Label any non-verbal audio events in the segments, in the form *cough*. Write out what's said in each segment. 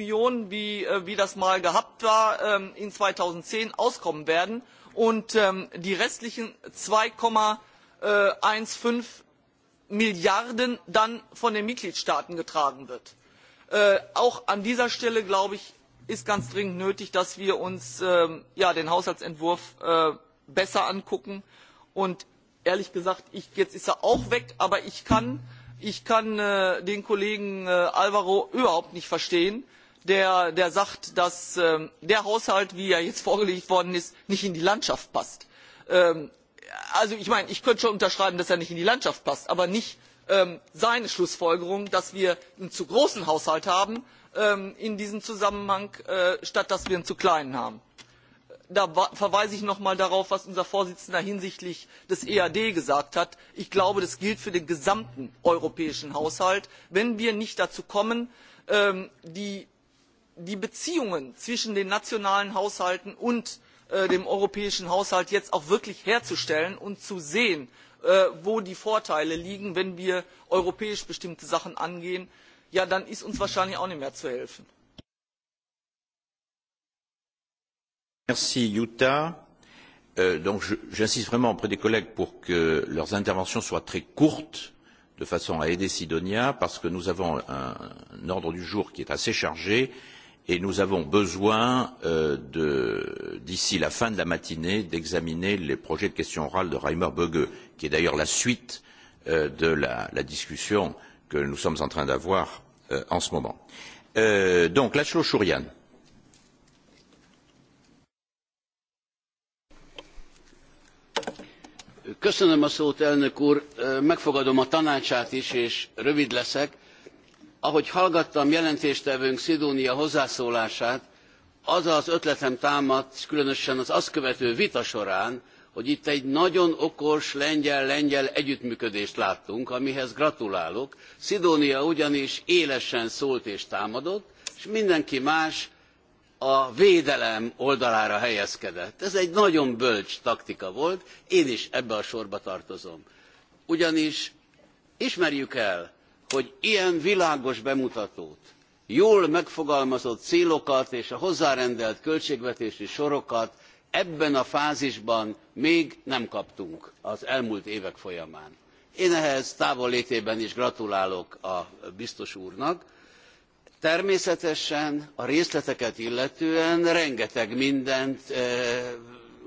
millionen äh, wie, das mal gehabt war ähm, in zweitausendzehn auskommen werden und ähm, die restlichen zwei fünfzehn milliarden dann von den mitgliedstaaten getragen werden. Äh, auch an dieser stelle glaube ich ist ganz dringend nötig dass wir uns ähm, den haushaltsentwurf äh, besser angucken und ehrlich gesagt jetzt ist er auch weg aber ich kann den kollegen alvaro überhaupt nicht verstehen der, sagt dass ähm, der haushalt wie er jetzt vorgelegt worden ist nicht in die landschaft passt. Ähm, also ich meine ich könnte schon unterschreiben dass er nicht in die landschaft passt aber nicht ähm, seine schlussfolgerung dass wir einen zu großen haushalt haben in diesem zusammenhang äh, statt dass wir einen zu kleinen haben. da verweise ich noch einmal darauf was unser vorsitzender hinsichtlich des ead gesagt hat ich glaube das gilt für den gesamten europäischen haushalt wenn wir nicht dazu kommen die die beziehungen zwischen den nationalen haushalten und äh, dem europäischen haushalt jetzt auch wirklich herzustellen und zu sehen äh, wo die vorteile liegen wenn wir europäisch bestimmte sachen angehen ja dann ist uns wahrscheinlich auch nicht mehr zu helfen. Euh, j'insiste vraiment auprès des collègues pour que leurs interventions soient très courtes de façon à aider Sidonia parce que nous avons un ordre du jour qui est assez chargé et nous avons besoin euh, d'ici la fin de la matinée d'examiner les projets de questions orales de Reimer Böge, qui est d'ailleurs la suite euh, de la, la discussion que nous sommes en train d'avoir euh, en ce moment. Euh, donc, Lachlo Chourian. Köszönöm a szót, elnök úr. Megfogadom a tanácsát is, és rövid leszek ahogy hallgattam jelentéstevőnk Szidónia hozzászólását, az az ötletem támadt, különösen az azt követő vita során, hogy itt egy nagyon okos lengyel-lengyel együttműködést láttunk, amihez gratulálok. Szidónia ugyanis élesen szólt és támadott, és mindenki más a védelem oldalára helyezkedett. Ez egy nagyon bölcs taktika volt, én is ebbe a sorba tartozom. Ugyanis ismerjük el, hogy ilyen világos bemutatót, jól megfogalmazott célokat és a hozzárendelt költségvetési sorokat ebben a fázisban még nem kaptunk az elmúlt évek folyamán. Én ehhez távol létében is gratulálok a biztos úrnak. Természetesen a részleteket illetően rengeteg mindent e, eh,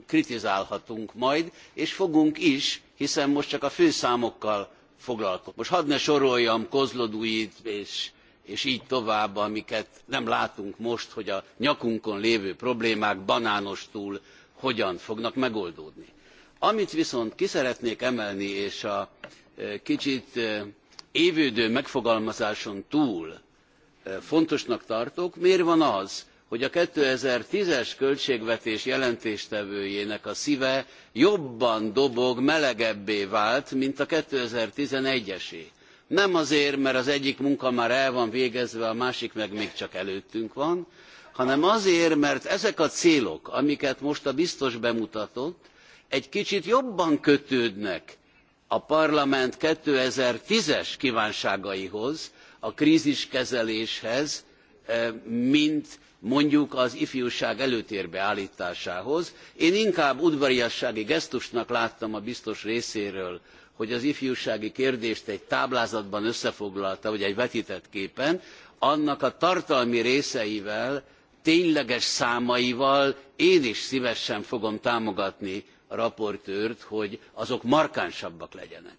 kritizálhatunk majd, és fogunk is, hiszen most csak a főszámokkal foglalkozik. Most hadd ne soroljam Kozloduit és, és így tovább, amiket nem látunk most, hogy a nyakunkon lévő problémák banánostól hogyan fognak megoldódni. Amit viszont ki szeretnék emelni, és a kicsit évődő megfogalmazáson túl fontosnak tartok, miért van az, hogy a two thousand and ten es költségvetés jelentéstevőjének a szve jobban dobog melegebbé vált mint a two thousand and eleven esé nem azért mert az egyik munka már el van végezve a másik meg még csak előttünk van hanem azért mert ezek a célok amiket most a biztos bemutatott egy kicsit jobban kötődnek a parlament two thousand and ten es kvánságaihoz a krziskezeléshez eh, mint mondjuk az ifjúság előtérbe állításához. Én inkább udvariassági gesztusnak láttam a biztos részéről, hogy az ifjúsági kérdést egy táblázatban összefoglalta, vagy egy vetített képen, annak a tartalmi részeivel, tényleges számaival én is szívesen fogom támogatni a raportőrt, hogy azok markánsabbak legyenek.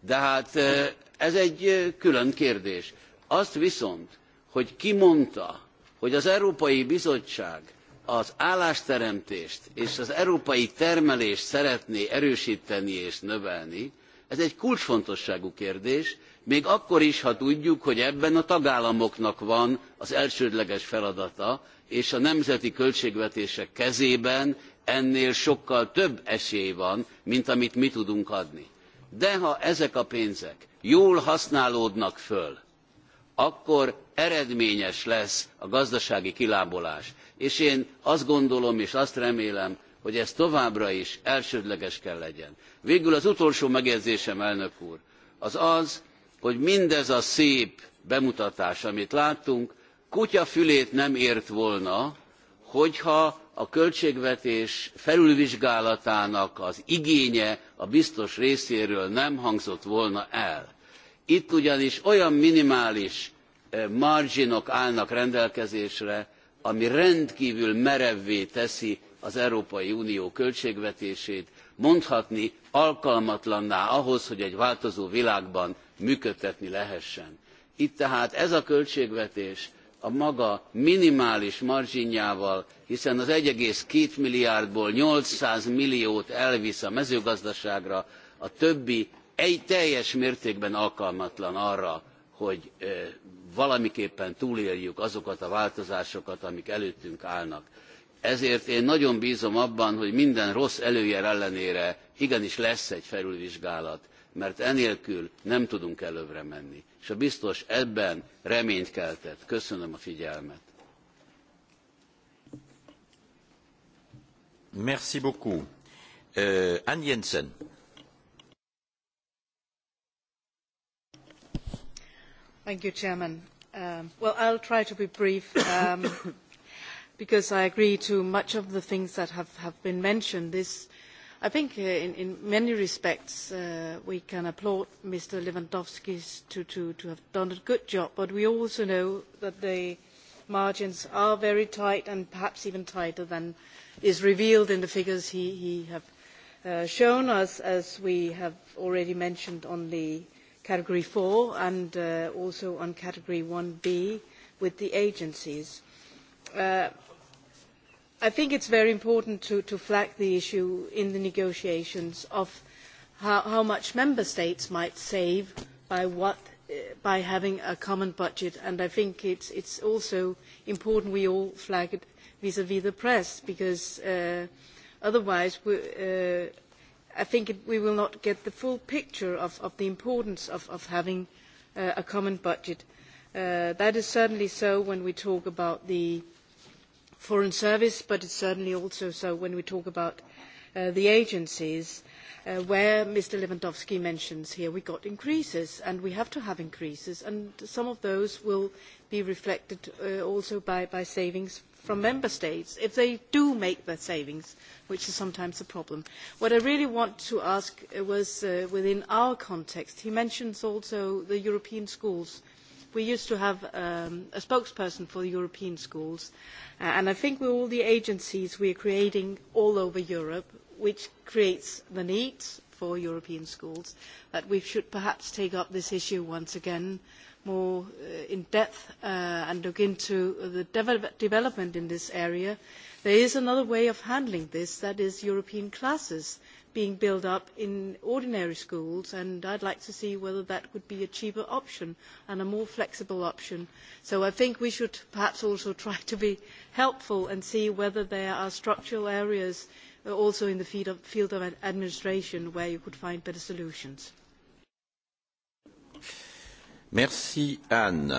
De hát eh, ez egy eh, külön kérdés. Azt viszont, hogy ki mondta, hogy az Európai Bizottság az állásteremtést és az európai termelést szeretné erősíteni és növelni, ez egy kulcsfontosságú kérdés, még akkor is, ha tudjuk, hogy ebben a tagállamoknak van az elsődleges feladata, és a nemzeti költségvetések kezében ennél sokkal több esély van, mint amit mi tudunk adni. De ha ezek a pénzek jól használódnak föl, akkor eredményes lesz a gazdasági kilábolás. És én azt gondolom és azt remélem, hogy ez továbbra is elsődleges kell legyen. Végül az utolsó megjegyzésem, elnök úr, az az, hogy mindez a szép bemutatás, amit láttunk, kutyafülét nem ért volna, hogyha a költségvetés felülvizsgálatának az igénye a biztos részéről nem hangzott volna el. Itt ugyanis olyan minimális marginok állnak rendelkezésre, ami rendkívül merevvé teszi az Európai Unió költségvetését, mondhatni alkalmatlanná ahhoz, hogy egy változó világban működtetni lehessen. Itt tehát ez a költségvetés a maga minimális marginjával, hiszen az 1,2 milliárdból 800 milliót elvisz a mezőgazdaságra, a többi egy teljes mértékben alkalmatlan arra, hogy valamiképpen túléljük azokat a változásokat, amik előttünk állnak. Ezért én nagyon bzom abban, hogy minden rossz előjel ellenére igenis lesz egy felülvizsgálat, mert enélkül nem tudunk előbbre menni. És a biztos ebben reményt keltett. Köszönöm a figyelmet. Merci beaucoup. Euh, Anne Jensen. Thank you, Chairman. Um, well, I'll try to be brief um, *coughs* because I agree to much of the things that have, have been mentioned. This, I think uh, in, in, many respects uh, we can applaud Mr. Lewandowski to, to, to, have done a good job, but we also know that the margins are very tight and perhaps even tighter than is revealed in the figures he, he have uh, shown us, as we have already mentioned on the Category 4 and uh, also on Category 1B with the agencies. Uh, I think it's very important to, to flag the issue in the negotiations of how, how much member states might save by, what, uh, by having a common budget. And I think it's, it's also important we all flag it vis-à-vis -vis the press because uh, otherwise we, uh, I think we will not get the full picture of, of the importance of, of having uh, a common budget. Uh, that is certainly so when we talk about the foreign service, but it's certainly also so when we talk about Uh, the agencies uh, where Mr. Lewandowski mentions here we got increases and we have to have increases and some of those will be reflected uh, also by, by savings from member states if they do make their savings, which is sometimes a problem. What I really want to ask uh, was uh, within our context, he mentions also the European schools. We used to have um, a spokesperson for the European schools, uh, and I think with all the agencies we are creating all over Europe, which creates the need for European schools, that we should perhaps take up this issue once again more uh, in depth uh, and look into the de development in this area. There is another way of handling this, that is European classes being built up in ordinary schools, and I'd like to see whether that would be a cheaper option and a more flexible option. So I think we should perhaps also *laughs* try to be helpful and see whether there are structural areas uh, Uh, also in the field of, field of administration where you could find better solutions. Merci Anne.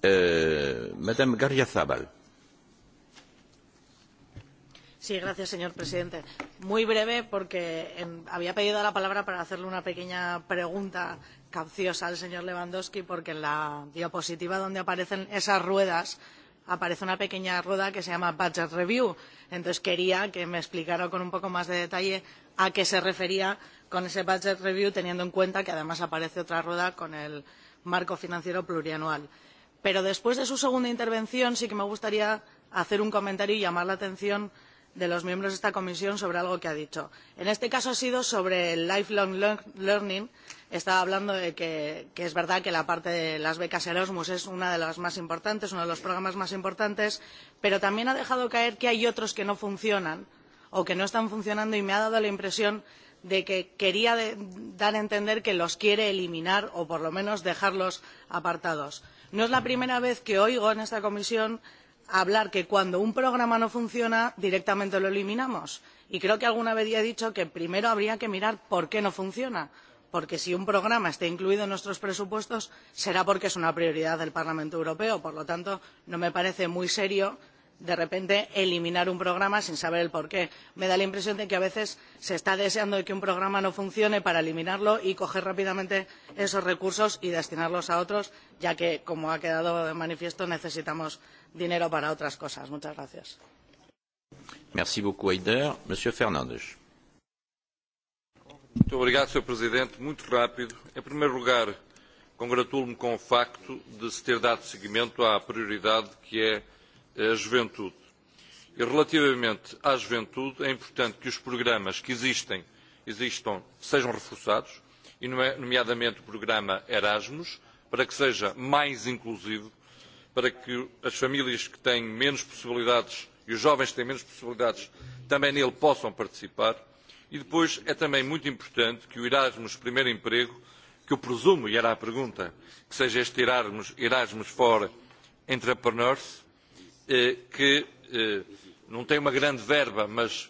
Uh, Madame Garria Zabal. Sí, gracias, señor presidente. Muy breve, porque en, había pedido la palabra para hacerle una pequeña pregunta capciosa al señor Lewandowski, porque en la diapositiva donde aparecen esas ruedas eh, aparece una pequeña rueda que se llama Budget Review. Entonces quería que me explicara con un poco más de detalle a qué se refería con ese Budget Review, teniendo en cuenta que además aparece otra rueda con el marco financiero plurianual. Pero después de su segunda intervención sí que me gustaría hacer un comentario y llamar la atención sobre de los miembros de esta comisión sobre algo que ha dicho. En este caso ha sido sobre el lifelong learning. Estaba hablando de que, que es verdad que la parte de las becas Erasmus es una de las más importantes, uno de los programas más importantes, pero también ha dejado caer que hay otros que no funcionan o que no están funcionando y me ha dado la impresión de que quería de, dar a entender que los quiere eliminar o por lo menos dejarlos apartados. No es la primera vez que oigo en esta comisión hablar que cuando un programa no funciona directamente lo eliminamos y creo que alguna vez ya he dicho que primero habría que mirar por qué no funciona porque si un programa está incluido en nuestros presupuestos será porque es una prioridad del parlamento europeo. por lo tanto no me parece muy serio que de repente eliminar un programa sin saber el porqué. Me da la impresión de que a veces se está deseando que un programa no funcione para eliminarlo y coger rápidamente esos recursos y destinarlos a otros, ya que, como ha quedado de manifiesto, necesitamos dinero para otras cosas. Muchas gracias. Merci beaucoup, Heider. Monsieur Fernandes. Muito obrigado, Sr. Presidente. Muito rápido. Em primeiro lugar, congratulo-me com o facto de se ter dado seguimento à prioridade que é é a juventude. E relativamente à juventude, é importante que os programas que existem existam, sejam reforçados, e nomeadamente o programa Erasmus, para que seja mais inclusivo, para que as famílias que têm menos possibilidades e os jovens que têm menos possibilidades também nele possam participar. E depois é também muito importante que o Erasmus Primeiro Emprego, que eu presumo, e era a pergunta, que seja este Erasmus, Erasmus for Entrepreneurs, Eh, que eh, não tem uma grande verba, mas,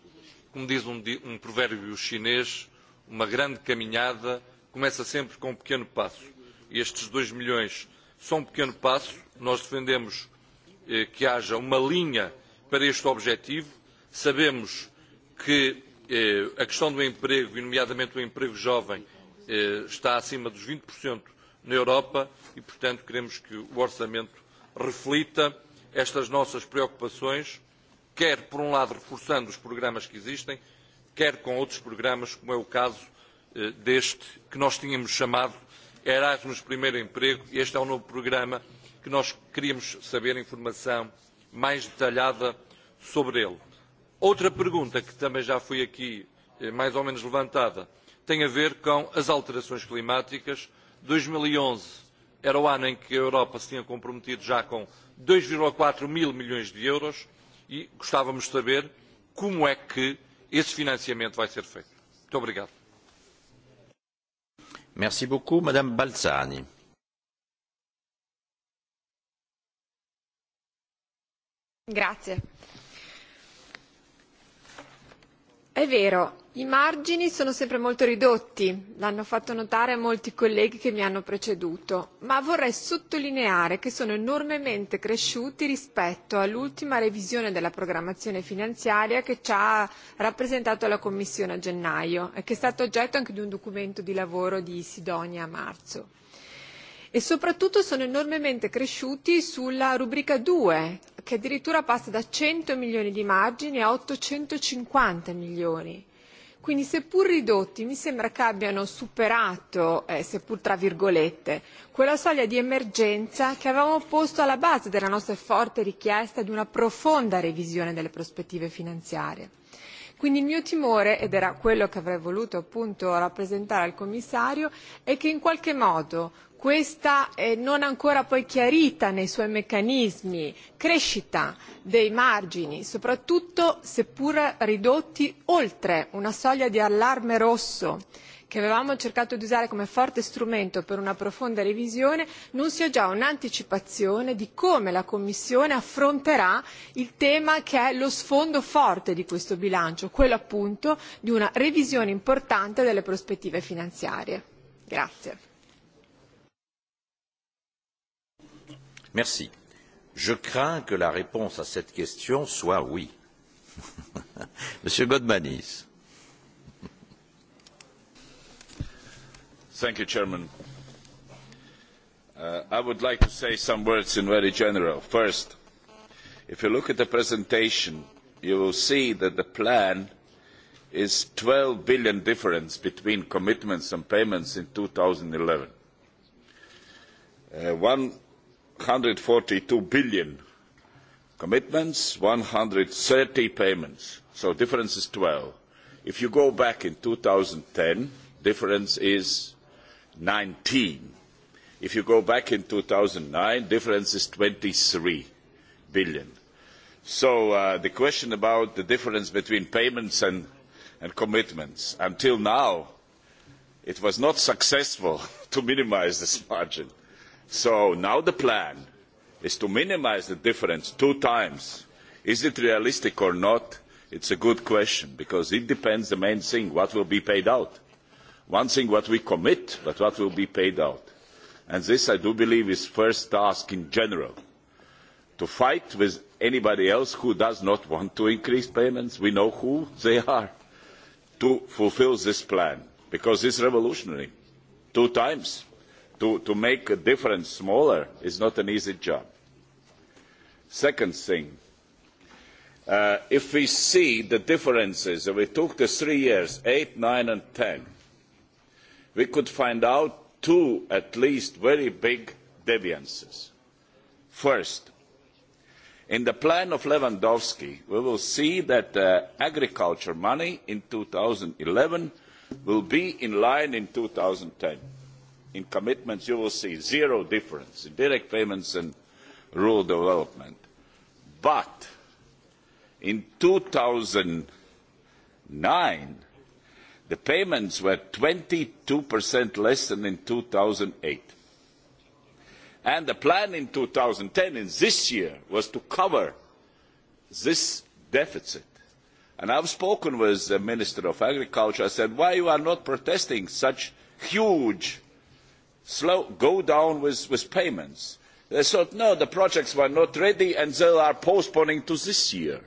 como diz um, um, provérbio chinês, uma grande caminhada começa sempre com um pequeno passo. E estes dois milhões são um pequeno passo. Nós defendemos eh, que haja uma linha para este objetivo. Sabemos que a questão do emprego, e nomeadamente o emprego jovem, está acima dos 20% na Europa e, portanto, queremos que o orçamento reflita estas nossas preocupações, quer, por um lado, reforçando os programas que existem, quer com outros programas, como é o caso eh, deste que nós tínhamos chamado Erasmus Primeiro Emprego, e este é um novo programa que nós queríamos saber informação mais detalhada sobre ele. Outra pergunta que também já foi aqui eh, mais ou menos levantada tem a ver com as alterações climáticas. 2011 era o ano em que a Europa se tinha comprometido já com 2,4 mil milhões de euros e gostávamos de saber como é que esse financiamento vai ser feito. Muito obrigado. Merci beaucoup, Madame Balzani. Grazie. È vero, i margini sono sempre molto ridotti l'hanno fatto notare molti colleghi che mi hanno preceduto ma vorrei sottolineare che sono enormemente cresciuti rispetto all'ultima revisione della programmazione finanziaria che ci ha rappresentato la commissione a gennaio e che è stato oggetto anche di un documento di lavoro di sidonia a marzo e soprattutto sono enormemente cresciuti sulla rubrica due che addirittura passa da cento milioni di margini a ottocentocinquanta milioni Quindi seppur ridotti mi sembra che abbiano superato, eh, seppur tra virgolette, quella soglia di emergenza che avevamo posto alla base della nostra forte richiesta di una profonda revisione delle prospettive finanziarie quindi il mio timore ed era quello che avrei voluto appunto rappresentare al commissario è che in qualche modo questa eh, non ancora poi chiarita nei suoi meccanismi crescita dei margini soprattutto seppur ridotti oltre una soglia di allarme rosso che avevamo cercato di usare come forte strumento per una profonda revisione non sia già un'anticipazione di come la Commissione affronterà il tema che è lo sfondo forte di questo bilancio, quello appunto di una revisione importante delle prospettive finanziarie. Je crains que la réponse à cette question soit oui. *laughs* Monsieur Godmanis. Thank you, Chairman. Uh, I would like to say some words in very general. First, if you look at the presentation, you will see that the plan is 12 billion difference between commitments and payments in 2011. Uh, 142 billion commitments, 130 payments. So difference is 12. If you go back in 2010, difference is 19. If you go back in 2009, difference is 23 billion. So uh, the question about the difference between payments and, and commitments, until now, it was not successful *laughs* to minimize this margin. So now the plan is to minimize the difference two times. Is it realistic or not? It's a good question because it depends the main thing, what will be paid out one thing what we commit, but what will be paid out. And this, I do believe, is first task in general, to fight with anybody else who does not want to increase payments. We know who they are to fulfil this plan, because it's revolutionary. Two times to, to make a difference smaller is not an easy job. Second thing, uh, if we see the differences, and we took the three years, eight, nine, and ten, we could find out two at least very big deviances. First, in the plan of Lewandowski, we will see that uh, agriculture money in 2011 will be in line in 2010. In commitments, you will see zero difference in direct payments and rural development. But in 2009, The payments were 22% less than in 2008. And the plan in 2010, in this year, was to cover this deficit. And I've spoken with the Minister of Agriculture. I said, why you are not protesting such huge slow go down with, with payments? They said, no, the projects were not ready and they are postponing to this year.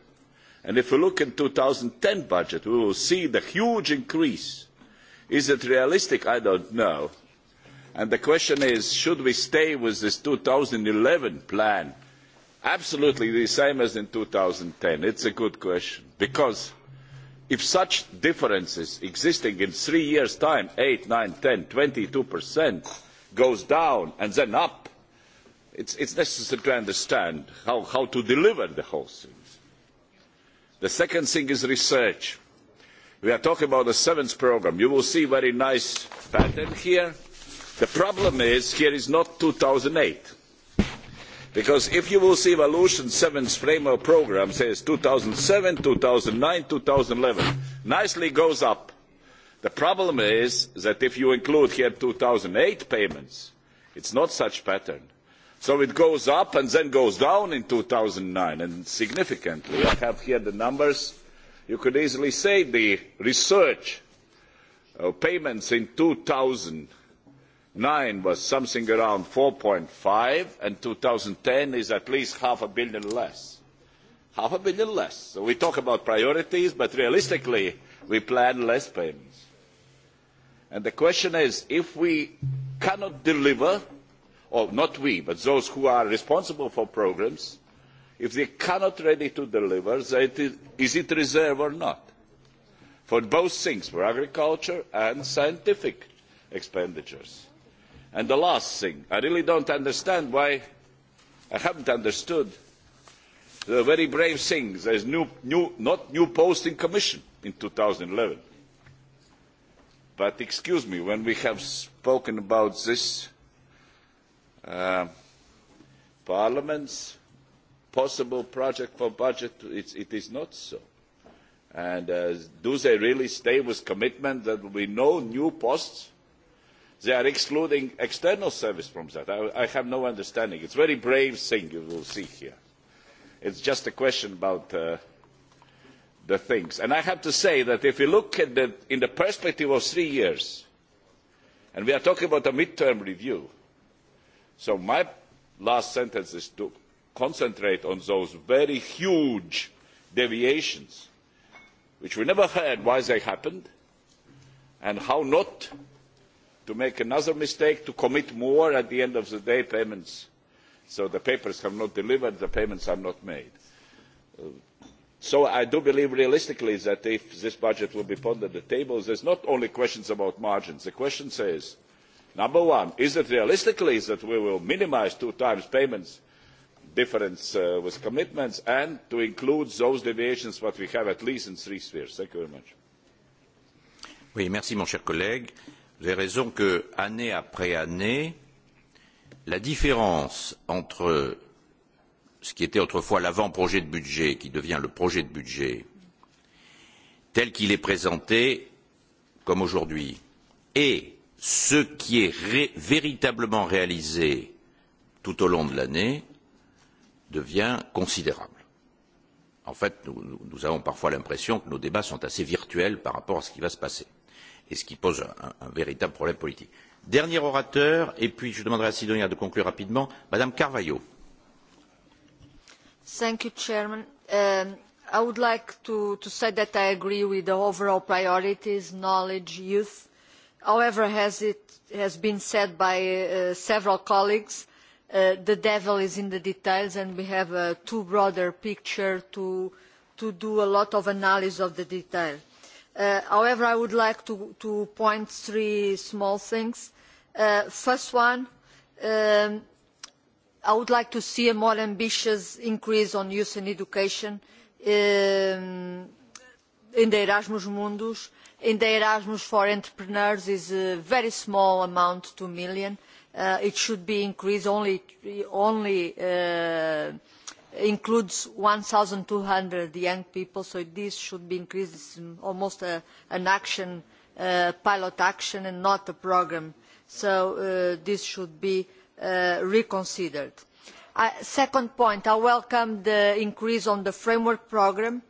And if we look at 2010 budget, we will see the huge increase. Is it realistic? I don't know. And the question is, should we stay with this 2011 plan? Absolutely the same as in 2010. It's a good question. Because if such differences existing in three years' time, 8, 9, 10, 22%, goes down and then up, it's, it's necessary to understand how, how to deliver the whole thing. The second thing is research. We are talking about the seventh programme. You will see very nice pattern here. The problem is here is not 2008. Because if you will see evolution, seventh framework programme says 2007, 2009, 2011. Nicely goes up. The problem is that if you include here 2008 payments, it's not such pattern So it goes up and then goes down in 2009, and significantly. I have here the numbers. You could easily say the research uh, payments in 2009 was something around 4.5, and 2010 is at least half a billion less. Half a billion less. So we talk about priorities, but realistically, we plan less payments. And the question is, if we cannot deliver or not we, but those who are responsible for programs, if they cannot ready to deliver, is it reserve or not? For both things, for agriculture and scientific expenditures. And the last thing, I really don't understand why, I haven't understood the very brave thing, there is new, new, not new posting commission in 2011. But excuse me, when we have spoken about this Uh, Parliament's possible project for budget, it's, it is not so. And uh, do they really stay with commitment that there will be no new posts? They are excluding external service from that. I, I have no understanding. It's a very brave thing you will see here. It's just a question about uh, the things. And I have to say that if you look at the, in the perspective of three years, and we are talking about a mid-term review, so my last sentence is to concentrate on those very huge deviations which we never heard why they happened and how not to make another mistake to commit more at the end of the day payments so the papers have not delivered the payments are not made so i do believe realistically that if this budget will be put on the table there's not only questions about margins the question says Number one, is it realistic that we will minimise two times payment difference uh, with commitments and to include those deviations what we have at least in three spheres? Thank you very much. Oui, merci mon cher collègue. Vous avez raison que année après année, la différence entre ce qui était autrefois l'avant-projet de budget, qui devient le projet de budget, tel qu'il est présenté comme aujourd'hui, et ce qui est ré véritablement réalisé tout au long de l'année devient considérable. En fait, nous, nous, nous avons parfois l'impression que nos débats sont assez virtuels par rapport à ce qui va se passer, et ce qui pose un, un, un véritable problème politique. Dernier orateur, et puis je demanderai à Sidonia de conclure rapidement, Madame Carvalho. Thank you, Chairman. Um, I would like to, to say that I agree with the overall priorities, knowledge, youth, however as has been said by uh, several colleagues uh, the devil is in the details and we have a too broad a picture to, do a lot of analysis of the detail. Uh, however i would like to, point out three small things. first one um, i would like to see a more ambitious increase on youth and education um, in the erasmus mundus in the erasmus for entrepreneurs is a very small amount two million. Uh, it should be increased only, only uh, includes one two hundred young people so this should be increased it's almost a, an action uh, pilot action and not a programme so uh, this should be uh, reconsidered. Uh, second point i welcome the increase on the framework programme.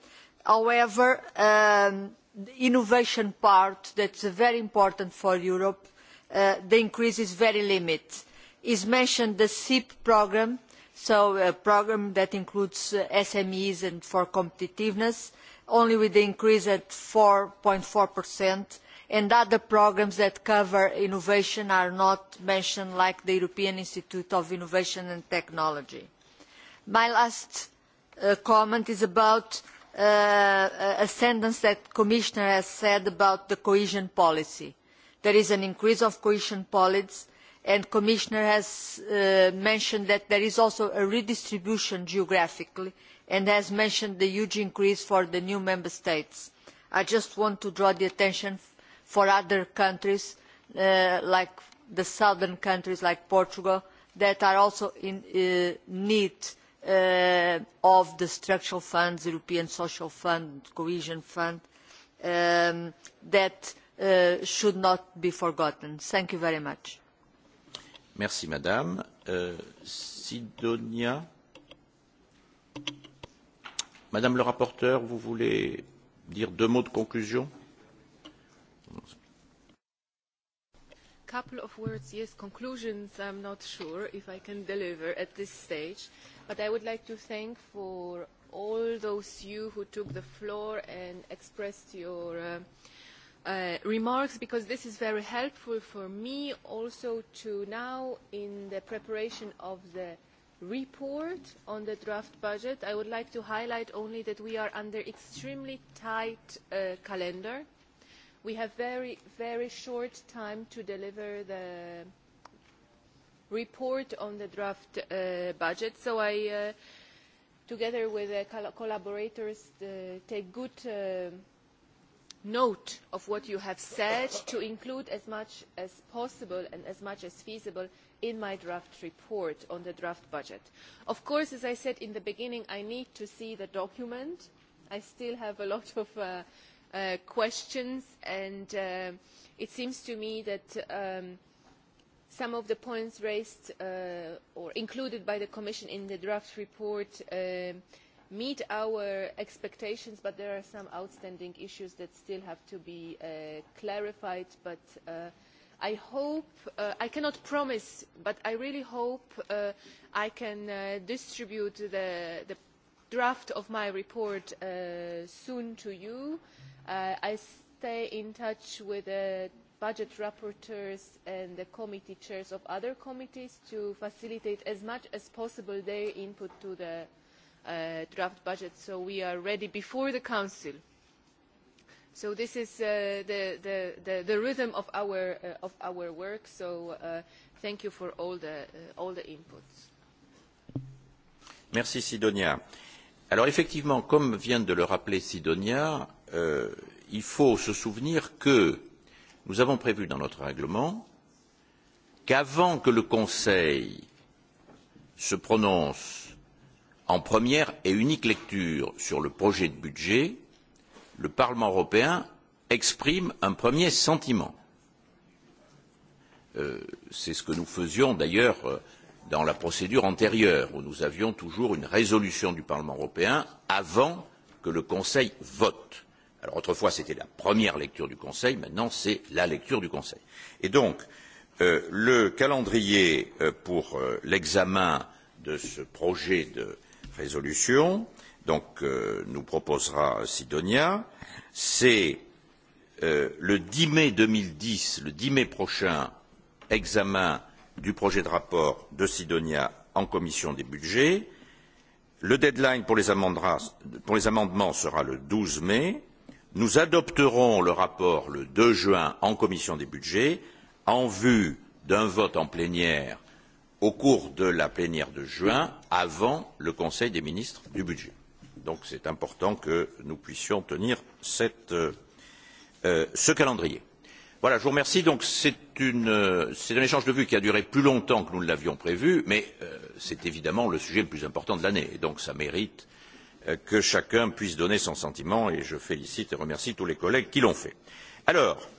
however um, the innovation part that is very important for Europe, uh, the increase is very limited. Is mentioned the CIP programme, so a programme that includes uh, SMEs and for competitiveness, only with the increase at 4.4%, and other programmes that cover innovation are not mentioned, like the European Institute of Innovation and Technology. My last uh, comment is about Uh, a sentence that the commissioner has said about the cohesion policy. there is an increase of cohesion policy and the commissioner has uh, mentioned that there is also a redistribution geographically and has mentioned the huge increase for the new member states. i just want to draw the attention for other countries uh, like the southern countries like portugal that are also in need of Uh, of the structural funds european social fund cohesion fund um, that uh, should not be forgotten. thank you very much. Merci, madame. Uh, sidonia madame le rapporteur vous voulez dire deux mots de conclusion? couple of words, yes, conclusions, I'm not sure if I can deliver at this stage, but I would like to thank for all those you who took the floor and expressed your uh, uh, remarks because this is very helpful for me also to now in the preparation of the report on the draft budget. I would like to highlight only that we are under extremely tight uh, calendar we have very very short time to deliver the report on the draft uh, budget so i uh, together with uh, collaborators take good uh, note of what you have said to include as much as possible and as much as feasible in my draft report on the draft budget. of course as i said in the beginning i need to see the document. i still have a lot of uh, Uh, questions and uh, it seems to me that um, some of the points raised uh, or included by the Commission in the draft report uh, meet our expectations, but there are some outstanding issues that still have to be clarified. But I hope, I cannot promise, but I really hope I can distribute the, the draft of my report soon to you. Uh, Uh, I stay in touch with the budget rapporteurs and the committee chairs of other committees to facilitate as much as possible their input to the uh, draft budget so we are ready before the council. So this is uh, the, the, the, the, rhythm of our, uh, of our work, so uh, thank you for all the, uh, all the inputs. Merci Sidonia. Alors effectivement, comme vient de le rappeler Sidonia, Euh, il faut se souvenir que nous avons prévu dans notre règlement qu'avant que le Conseil se prononce en première et unique lecture sur le projet de budget, le Parlement européen exprime un premier sentiment. Euh, C'est ce que nous faisions d'ailleurs euh, dans la procédure antérieure, où nous avions toujours une résolution du Parlement européen avant que le Conseil vote. Alors autrefois c'était la première lecture du Conseil, maintenant c'est la lecture du Conseil. Et donc euh, le calendrier euh, pour euh, l'examen de ce projet de résolution, donc euh, nous proposera Sidonia, c'est euh, le 10 mai 2010, le 10 mai prochain, examen du projet de rapport de Sidonia en commission des budgets. Le deadline pour les, pour les amendements sera le 12 mai nous adopterons le rapport le deux juin en commission des budgets en vue d'un vote en plénière au cours de la plénière de juin avant le conseil des ministres du budget. donc c'est important que nous puissions tenir cette, euh, euh ce calendrier. Voilà, je vous remercie. Donc c'est un échange de vues qui a duré plus longtemps que nous ne l'avions prévu, mais euh, c'est évidemment le sujet le plus important de l'année, et donc ça mérite Euh, que chacun puisse donner son sentiment et je félicite et remercie tous les collègues qui l'ont fait. Alors,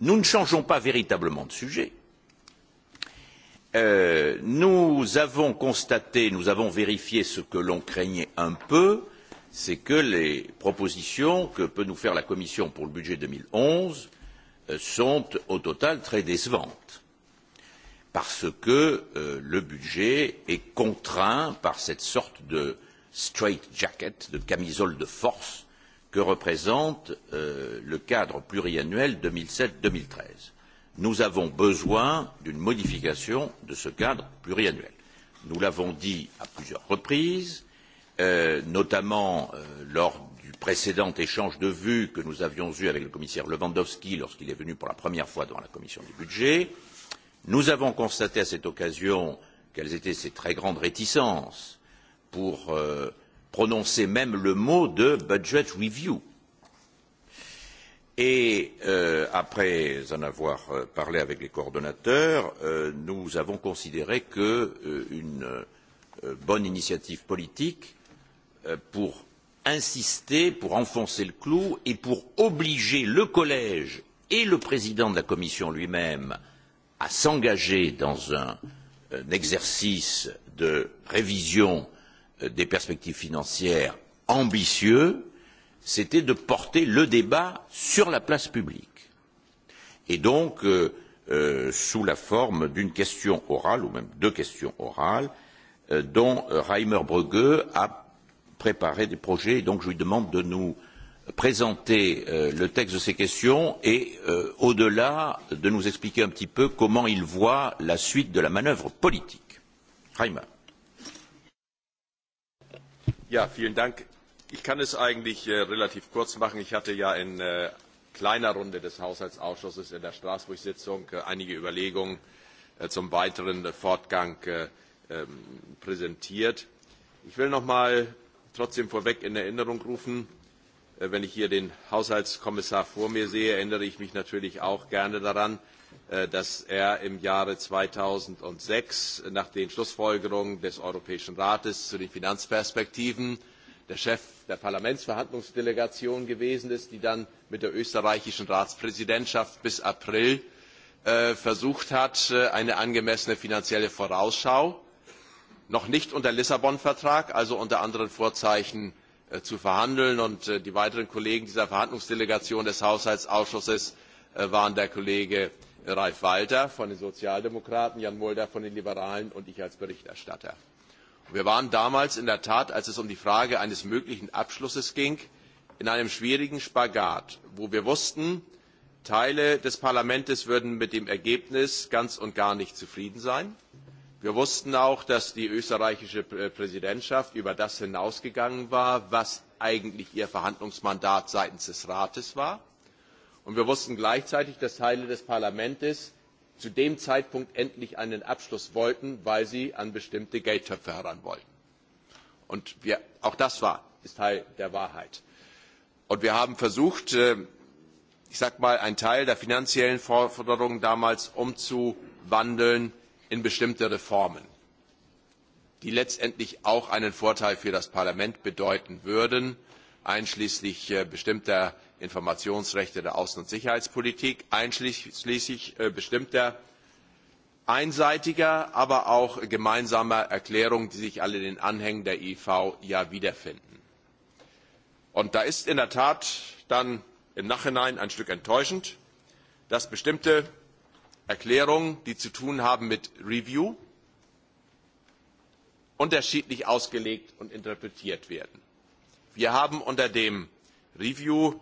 nous ne changeons pas véritablement de sujet. Euh, nous avons constaté, nous avons vérifié ce que l'on craignait un peu, c'est que les propositions que peut nous faire la Commission pour le budget 2011 euh, sont au total très décevantes parce que euh, le budget est contraint par cette sorte de euh, jacket, de camisole de force que représente euh, le cadre pluriannuel 2007-2013. Nous avons besoin d'une modification de ce cadre pluriannuel. Nous l'avons dit à plusieurs reprises, euh, notamment euh, lors du précédent échange de vues que nous avions eu avec le commissaire Lewandowski lorsqu'il est venu pour la première fois devant la commission des budgets. Nous avons constaté à cette occasion quelles étaient ses très grandes réticences pour euh, prononcer même le mot de budget review. Et euh, après en avoir euh, parlé avec les coordonnateurs, euh, nous avons considéré qu'une euh, euh, bonne initiative politique euh, pour insister, pour enfoncer le clou et pour obliger le collège et le président de la commission lui-même à s'engager dans un, un exercice de révision Euh, des perspectives financières ambitieux, c'était de porter le débat sur la place publique. Et donc, euh, euh, sous la forme d'une question orale, ou même deux questions orales, euh, dont Reimer Brugge a préparé des projets. Et donc, je lui demande de nous présenter euh, le texte de ces questions et, euh, au-delà, de nous expliquer un petit peu comment il voit la suite de la manœuvre politique. Reimer vielen Dank. Ich kann es eigentlich äh, relativ kurz machen. Ich hatte ja in äh, kleiner Runde des Haushaltsausschusses in der Straßburg-Sitzung äh, einige Überlegungen äh, zum weiteren äh, Fortgang äh, ähm, präsentiert. Ich will noch mal trotzdem vorweg in Erinnerung rufen, äh, wenn ich hier den Haushaltskommissar vor mir sehe, erinnere ich mich natürlich auch gerne daran, Äh, dass er im Jahre 2006 nach den Schlussfolgerungen des Europäischen Rates zu den Finanzperspektiven der Chef der Parlamentsverhandlungsdelegation gewesen ist, die dann mit der österreichischen Ratspräsidentschaft bis April äh, versucht hat, äh, eine angemessene finanzielle Vorausschau noch nicht unter Lissabon-Vertrag, also unter anderen Vorzeichen äh, zu verhandeln. Und äh, die weiteren Kollegen dieser Verhandlungsdelegation des Haushaltsausschusses äh, waren der Kollege Ralf Walter von den Sozialdemokraten, Jan Mulder von den Liberalen und ich als Berichterstatter. Wir waren damals in der Tat, als es um die Frage eines möglichen Abschlusses ging, in einem schwierigen Spagat, wo wir wussten, Teile des Parlaments würden mit dem Ergebnis ganz und gar nicht zufrieden sein. Wir wussten auch, dass die österreichische äh, Präsidentschaft über das hinausgegangen war, was eigentlich ihr Verhandlungsmandat seitens des Rates war und wir wussten gleichzeitig dass teile des parlaments zu dem zeitpunkt endlich einen abschluss wollten weil sie an bestimmte geldtöpfe heran wollten. auch das ist teil der wahrheit. wir haben versucht äh, einen teil der finanziellen forderungen damals umzuwandeln in bestimmte reformen die letztendlich auch einen vorteil für das parlament bedeuten würden einschließlich äh, bestimmter Informationsrechte der Außen- und Sicherheitspolitik, einschließlich äh, bestimmter einseitiger, aber auch gemeinsamer Erklärungen, die sich alle in den Anhängen der iiv ja wiederfinden. Und da ist in der Tat dann im Nachhinein ein Stück enttäuschend, dass bestimmte Erklärungen, die zu tun haben mit Review, unterschiedlich ausgelegt und interpretiert werden wir haben unter dem review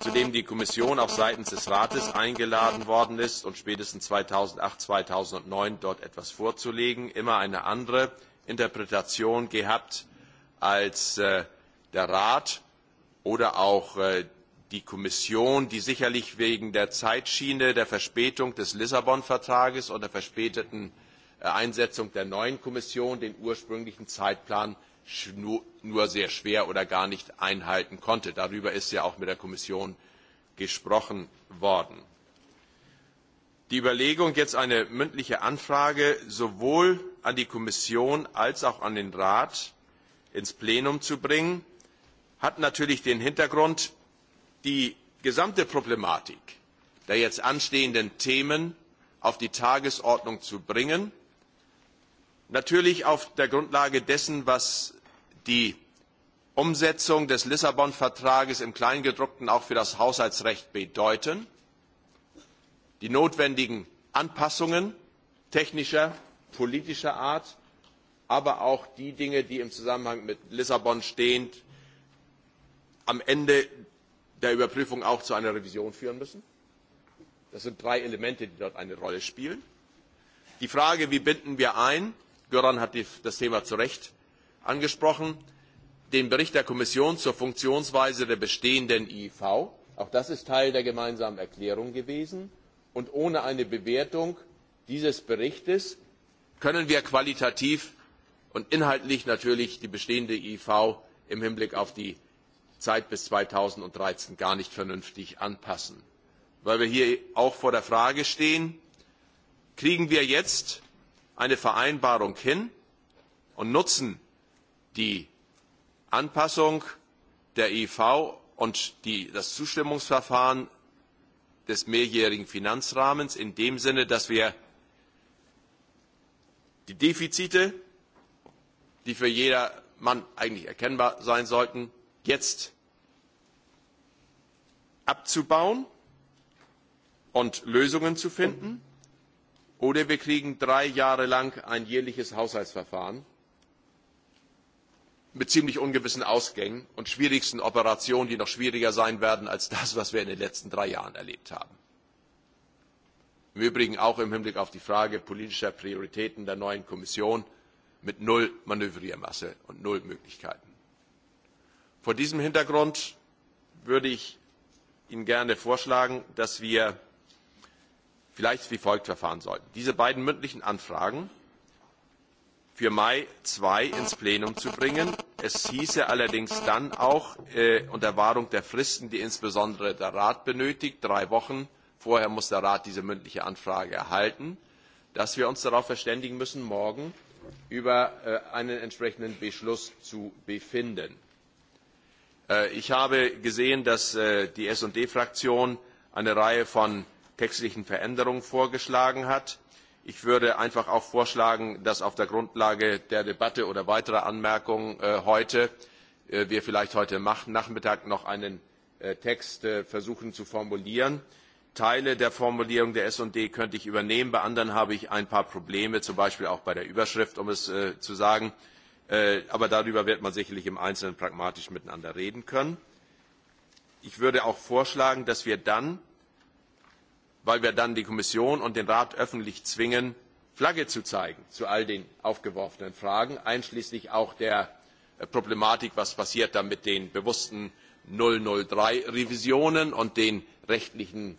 zu dem die kommission auch seitens des rates eingeladen worden ist um spätestens zweitausendacht zweitausendneun dort etwas vorzulegen immer eine andere interpretation gehabt als äh, der rat oder auch äh, die kommission die sicherlich wegen der zeitschiene der verspätung des lissabon vertrags und der verspäteten äh, einsetzung der neuen kommission den ursprünglichen zeitplan nur sehr schwer oder gar nicht einhalten konnte. Darüber ist ja auch mit der Kommission gesprochen worden. Die Überlegung, jetzt eine mündliche Anfrage sowohl an die Kommission als auch an den Rat ins Plenum zu bringen, hat natürlich den Hintergrund, die gesamte Problematik der jetzt anstehenden Themen auf die Tagesordnung zu bringen natürlich auf der Grundlage dessen, was die Umsetzung des Lissabon-Vertrages im Kleingedruckten auch für das Haushaltsrecht bedeutet die notwendigen Anpassungen technischer, politischer Art, aber auch die Dinge, die im Zusammenhang mit Lissabon stehen, am Ende der Überprüfung auch zu einer Revision führen müssen. Das sind drei Elemente, die dort eine Rolle spielen. Die Frage, wie binden wir ein, Göran hat die, das Thema zu Recht angesprochen, den Bericht der Kommission zur Funktionsweise der bestehenden IV. Auch das ist Teil der gemeinsamen Erklärung gewesen. Und ohne eine Bewertung dieses Berichtes können wir qualitativ und inhaltlich natürlich die bestehende IV im Hinblick auf die Zeit bis 2013 gar nicht vernünftig anpassen. Weil wir hier auch vor der Frage stehen, kriegen wir jetzt eine Vereinbarung hin und nutzen die Anpassung der IV und die, das Zustimmungsverfahren des mehrjährigen Finanzrahmens in dem Sinne, dass wir die Defizite, die für jedermann eigentlich erkennbar sein sollten, jetzt abzubauen und Lösungen zu finden oder wir kriegen drei jahre lang ein jährliches haushaltsverfahren mit ziemlich ungewissen ausgängen und schwierigsten operationen die noch schwieriger sein werden als das was wir in den letzten drei jahren erlebt haben im übrigen auch im hinblick auf die frage politischer prioritäten der neuen kommission mit null manövriermasse und null möglichkeiten. vor diesem hintergrund würde ich ihnen gerne vorschlagen dass vielleicht wie folgt verfahren sollten diese beiden mündlichen anfragen für mai ii ins plenum zu bringen. es hieße allerdings dann auch äh, unter wahrung der fristen die insbesondere der rat benötigt drei wochen vorher muss der rat diese mündliche anfrage erhalten dass wir uns darauf verständigen müssen morgen über äh, einen entsprechenden beschluss zu befinden. Äh, ich habe gesehen dass die s d fraktion eine reihe von textlichen Veränderung vorgeschlagen hat. Ich würde einfach auch vorschlagen, dass wir auf der Grundlage der Debatte oder weiterer Anmerkungen äh, heute äh, vielleicht heute Nachmittag noch einen äh, Text versuchen zu formulieren. Teile der Formulierung der S&D könnte ich übernehmen, bei anderen habe ich ein paar Probleme, zum Beispiel auch bei der Überschrift, um es zu sagen. aber darüber wird man sicherlich im Einzelnen pragmatisch miteinander reden können. Ich würde auch vorschlagen, dass wir dann weil wir dann die Kommission und den Rat öffentlich zwingen, Flagge zu zeigen zu all den aufgeworfenen Fragen, einschließlich auch der äh, Problematik, was passiert dann mit den bewussten drei revisionen und den rechtlichen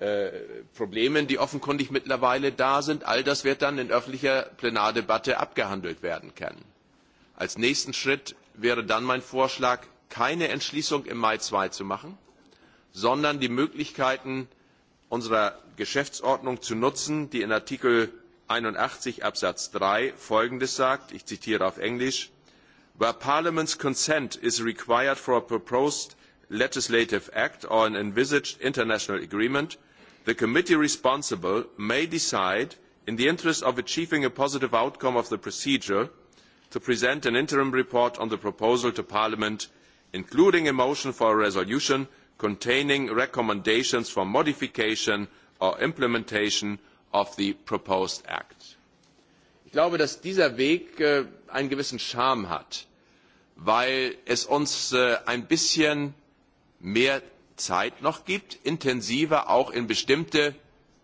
äh, Problemen, die offenkundig mittlerweile da sind. All das wird dann in öffentlicher Plenardebatte abgehandelt werden können. Als nächsten Schritt wäre dann mein Vorschlag, keine Entschließung im Mai 2 zu machen, sondern die Möglichkeiten unserer geschäftsordnung zu nutzen die in artikel einundachtzig absatz drei folgendes sagt ich zitiere auf englisch where parliament's consent is required for a proposed legislative act or an envisaged international agreement the committee responsible may decide in the interest of achieving a positive outcome of the procedure to present an interim report on the proposal to parliament including a motion for a resolution containing recommendations for modification or implementation of the proposed act. Ich glaube, dass dieser Weg äh, einen gewissen Charme hat, weil es uns äh, ein bisschen mehr Zeit noch gibt, intensiver auch in bestimmte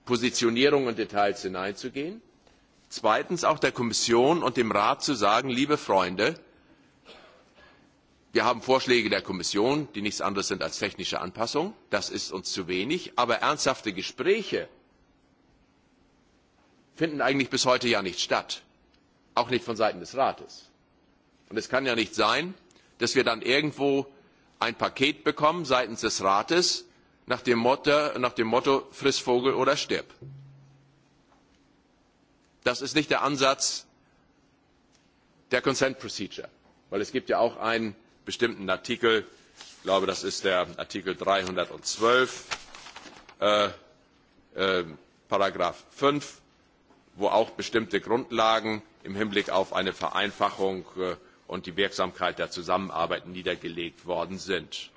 Positionierungen und Details hineinzugehen. Zweitens auch der Kommission und dem Rat zu sagen, liebe Freunde, Wir haben Vorschläge der Kommission, die nichts anderes sind als technische anpassungen Das ist uns zu wenig. Aber ernsthafte Gespräche finden eigentlich bis heute ja nicht statt. Auch nicht von Seiten des Rates. Und es kann ja nicht sein, dass wir dann irgendwo ein Paket bekommen seitens des Rates nach dem Motto, nach dem Motto friss Vogel oder stirb. Das ist nicht der Ansatz der Consent Procedure, weil es gibt ja auch ein bestimmten Artikel, ich glaube, das ist der Artikel dreihundertzwölf äh, ähm, fünf wo auch bestimmte Grundlagen im Hinblick auf eine Vereinfachung äh, und die Wirksamkeit der Zusammenarbeit niedergelegt worden sind.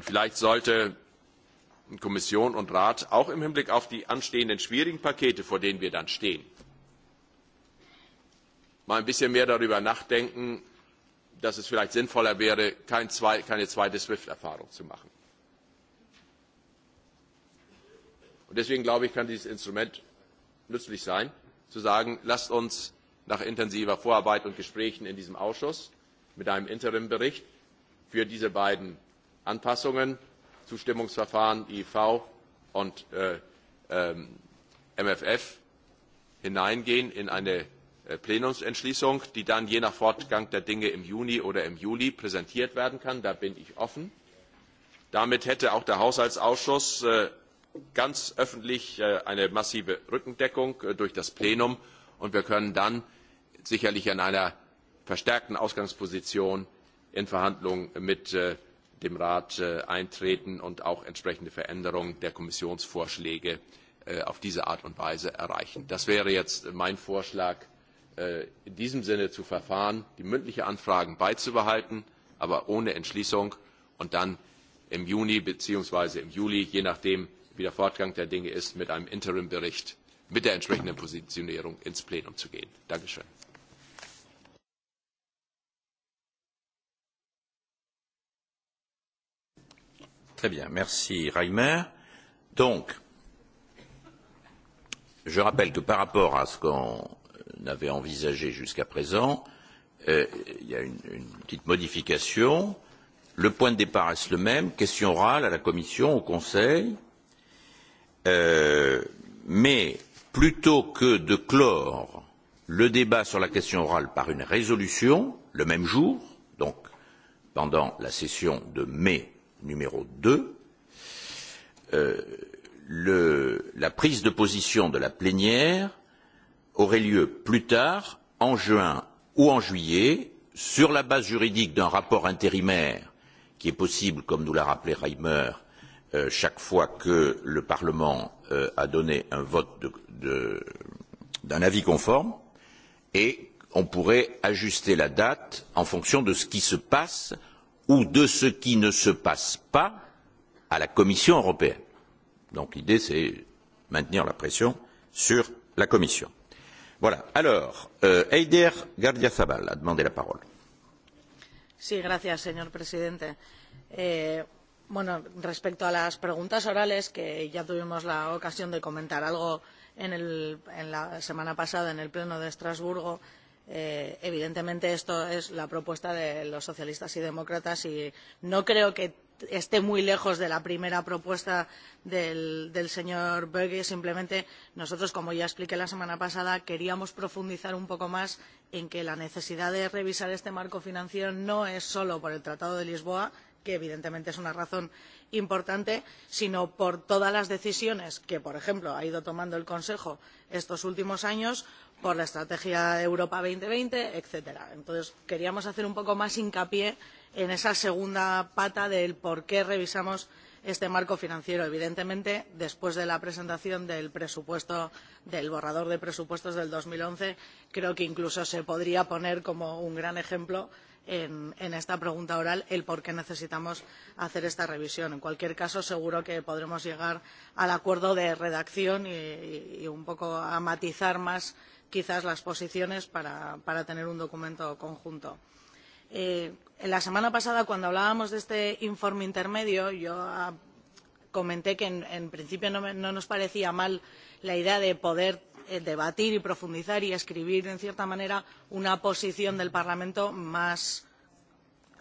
vielleicht sollte Kommission und Rat auch im Hinblick auf die anstehenden schwierigen Pakete, vor denen wir dann stehen, mal ein bisschen mehr darüber nachdenken, dass es vielleicht sinnvoller wäre kein zwei, keine zweite swift erfahrung zu machen. Und deswegen glaube ich kann dieses instrument nützlich sein zu sagen lasst uns nach intensiver vorarbeit und gesprächen in diesem ausschuss mit einem interim bericht für diese beiden anpassungen zustimmungsverfahren iiv und äh, ähm, mfr hineingehen in eine Äh, plenumsentschließung die dann je nach fortgang der dinge im juni oder im juli präsentiert werden kann da bin ich offen. damit hätte auch der haushaltsausschuss äh, ganz öffentlich äh, eine massive rückendeckung durch das plenum und wir können dann sicherlich in einer verstärkten ausgangsposition in verhandlungen mit dem rat eintreten und auch entsprechende veränderungen der kommissionsvorschläge auf diese art und weise erreichen. das wäre jetzt mein vorschlag Äh, in diesem Sinne zu verfahren, die mündliche Anfragen beizubehalten, aber ohne Entschließung und dann im Juni bzw. im Juli, je nachdem, wie der Fortgang der Dinge ist, mit einem Interimbericht mit der entsprechenden Positionierung ins Plenum zu gehen. Dankeschön. Très bien, merci Reimer. Donc, je rappelle que par rapport à ce qu'on n'avait envisagé jusqu'à présent. Euh, il y a une, une petite modification. Le point de départ reste le même, question orale à la Commission, au Conseil. Euh, mais plutôt que de clore le débat sur la question orale par une résolution, le même jour, donc pendant la session de mai numéro 2, euh, le, la prise de position de la plénière aurait lieu plus tard, en juin ou en juillet, sur la base juridique d'un rapport intérimaire qui est possible, comme nous l'a rappelé Reimer, euh, chaque fois que le Parlement euh, a donné un vote d'un avis conforme, et on pourrait ajuster la date en fonction de ce qui se passe ou de ce qui ne se passe pas à la Commission européenne. Donc l'idée, c'est maintenir la pression sur la Commission. Voilà. Alors, euh, a demandé la parole. gracias, señor presidente. Eh, bueno, respecto a las preguntas orales, que ya tuvimos la ocasión de comentar algo en, la semana pasada en el Pleno de Estrasburgo, eh, evidentemente esto es la propuesta de los socialistas y demócratas y no creo que esté muy lejos de la primera propuesta del, del señor Böge. Simplemente nosotros, como ya expliqué la semana pasada, queríamos profundizar un poco más en que la necesidad de revisar este marco financiero no es solo por el Tratado de Lisboa, que evidentemente es una razón importante, sino por todas las decisiones que, por ejemplo, ha ido tomando el Consejo estos últimos años, por la estrategia Europa 2020, etcétera. Entonces, queríamos hacer un poco más hincapié en esa segunda pata del por qué revisamos este marco financiero. Evidentemente, después de la presentación del presupuesto, del borrador de presupuestos del 2011, creo que incluso se podría poner como un gran ejemplo en, en esta pregunta oral el por qué necesitamos hacer esta revisión. En cualquier caso, seguro que podremos llegar al acuerdo de redacción y, y un poco a matizar más quizás las posiciones para, para tener un documento conjunto. Eh, la semana pasada, cuando hablábamos de este informe intermedio, yo ah, comenté que en, principio no, nos parecía mal la idea de poder eh, debatir y profundizar y escribir, en cierta manera, una posición del Parlamento más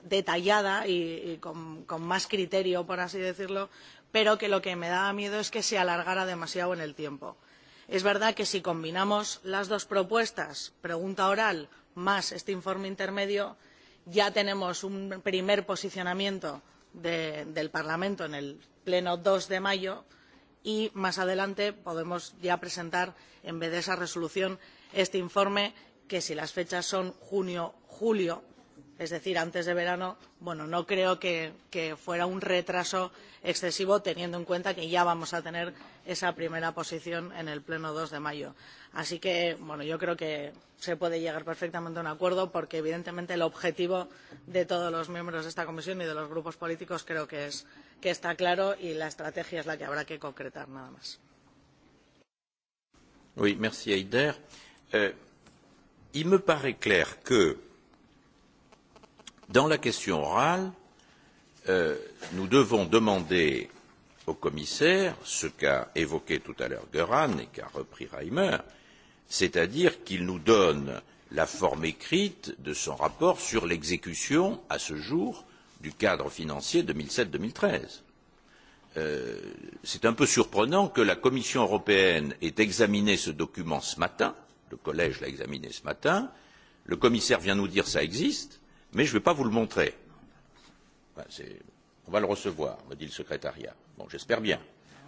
detallada y, con, con más criterio, por así decirlo, pero que lo que me daba miedo es que se alargara demasiado en el tiempo. Es verdad que si combinamos las dos propuestas, pregunta oral más este informe intermedio, ya tenemos un primer posicionamiento del parlamento en el pleno de dos de mayo y más adelante podemos ya presentar en vez de esa resolución este informe que si las fechas son junio julio es decir, antes de verano, bueno, no creo que, que fuera un retraso excesivo teniendo en cuenta que ya vamos a tener esa primera posición en el pleno 2 de mayo. Así que, bueno, yo creo que se puede llegar perfectamente a un acuerdo porque, evidentemente, el objetivo de todos los miembros de esta comisión y de los grupos políticos creo que, es, que está claro y la estrategia es la que habrá que concretar nada más. Oui, merci Heider. Euh, il me paraît clair que Dans la question orale, euh, nous devons demander au commissaire ce qu'a évoqué tout à l'heure Göran et qu'a repris Reimer, c'est-à-dire qu'il nous donne la forme écrite de son rapport sur l'exécution à ce jour du cadre financier 2007-2013. Euh, c'est un peu surprenant que la Commission européenne ait examiné ce document ce matin, le collège l'a examiné ce matin, le commissaire vient nous dire ça existe, mais je ne vais pas vous le montrer. Ben, on va le recevoir, me dit le secrétariat. Bon, j'espère bien.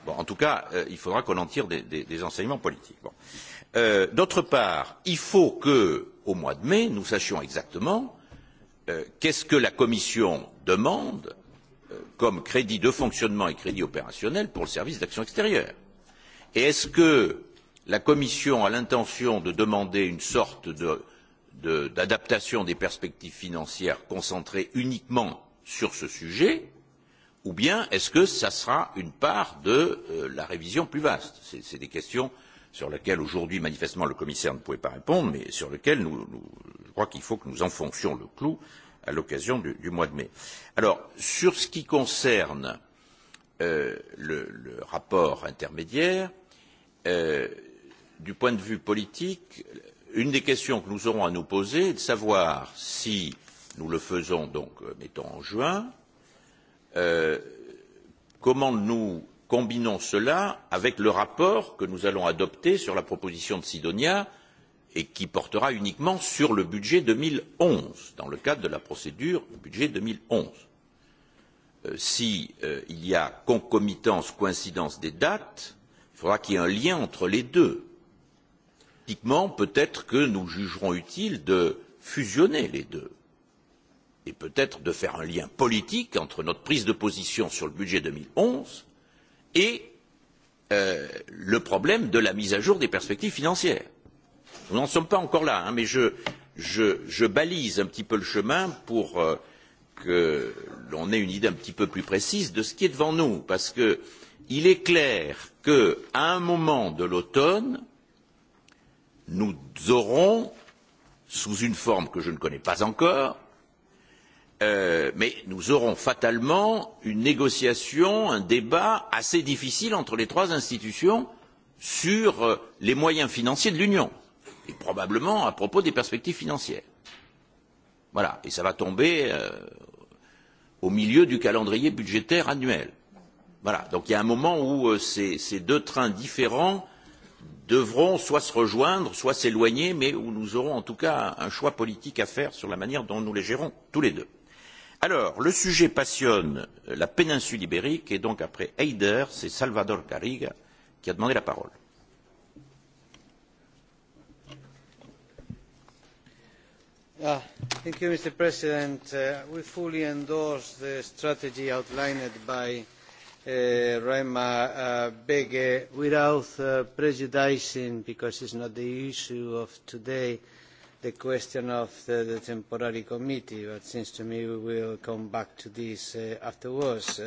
Bon, en tout cas, euh, il faudra qu'on en tire des, des, des enseignements politiques. Bon. Euh, D'autre part, il faut que, au mois de mai, nous sachions exactement euh, qu'est-ce que la Commission demande euh, comme crédit de fonctionnement et crédit opérationnel pour le service d'action extérieure. Et est-ce que la Commission a l'intention de demander une sorte de d'adaptation de, des perspectives financières concentrée uniquement sur ce sujet, ou bien est-ce que ça sera une part de euh, la révision plus vaste C'est des questions sur lesquelles aujourd'hui, manifestement, le commissaire ne pouvait pas répondre, mais sur lesquelles nous, nous, je crois qu'il faut que nous enfoncions le clou à l'occasion du, du mois de mai. Alors, sur ce qui concerne euh, le, le rapport intermédiaire, euh, du point de vue politique, une des questions que nous aurons à nous poser est de savoir si nous le faisons donc, euh, mettons, en juin, euh, comment nous combinons cela avec le rapport que nous allons adopter sur la proposition de Sidonia et qui portera uniquement sur le budget 2011, dans le cadre de la procédure budget 2011. Euh, si euh, il y a concomitance, coïncidence des dates, il faudra qu'il y ait un lien entre les deux Typiquement, peut-être que nous jugerons utile de fusionner les deux et peut-être de faire un lien politique entre notre prise de position sur le budget 2011 et euh, le problème de la mise à jour des perspectives financières. Nous n'en sommes pas encore là, hein, mais je, je, je balise un petit peu le chemin pour euh, que l'on ait une idée un petit peu plus précise de ce qui est devant nous, parce qu'il est clair qu'à un moment de l'automne, nous aurons, sous une forme que je ne connais pas encore, euh, mais nous aurons fatalement une négociation, un débat assez difficile entre les trois institutions sur euh, les moyens financiers de l'Union, et probablement à propos des perspectives financières. Voilà, et ça va tomber euh, au milieu du calendrier budgétaire annuel. Voilà, donc il y a un moment où euh, ces, ces deux trains différents devront soit se rejoindre, soit s'éloigner, mais où nous aurons en tout cas un choix politique à faire sur la manière dont nous les gérons tous les deux. Alors, le sujet passionne la péninsule ibérique, et donc après Heider, c'est Salvador Garriga qui a demandé la parole. Uh, thank you, Mr. President. Uh, we fully endorse the strategy outlined by uh, Uh, Reima uh, Bege, without uh, prejudicing, because it's not the issue of today, the question of the, temporary committee, but it seems to me we will come back to this afterwards.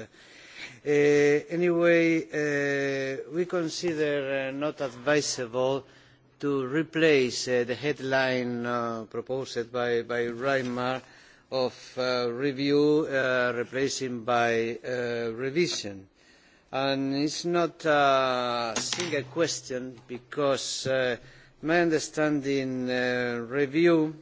anyway, we consider uh, not advisable to replace the headline proposed by, by of uh, review uh, replacing by uh, revision. And it's not a single question because uh, my understanding uh, review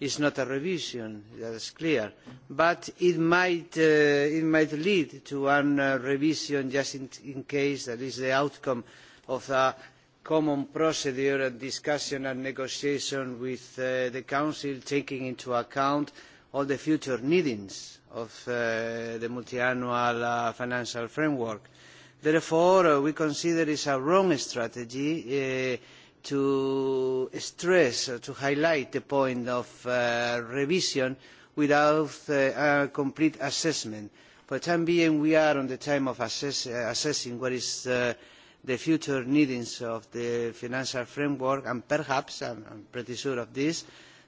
is not a revision, that is clear, but it might, uh, it might lead to a uh, revision just in, in case that is the outcome of a common procedure and discussion and negotiation with uh, the Council, taking into account all the future needings of uh, the multiannual uh, financial framework. Therefore, uh, we consider it a wrong strategy to stress, to highlight the point of revision without a complete assessment. For the time being, we are on the time of assess assessing what is uh, the future needs of the financial framework, and perhaps, I'm, I'm pretty sure of this,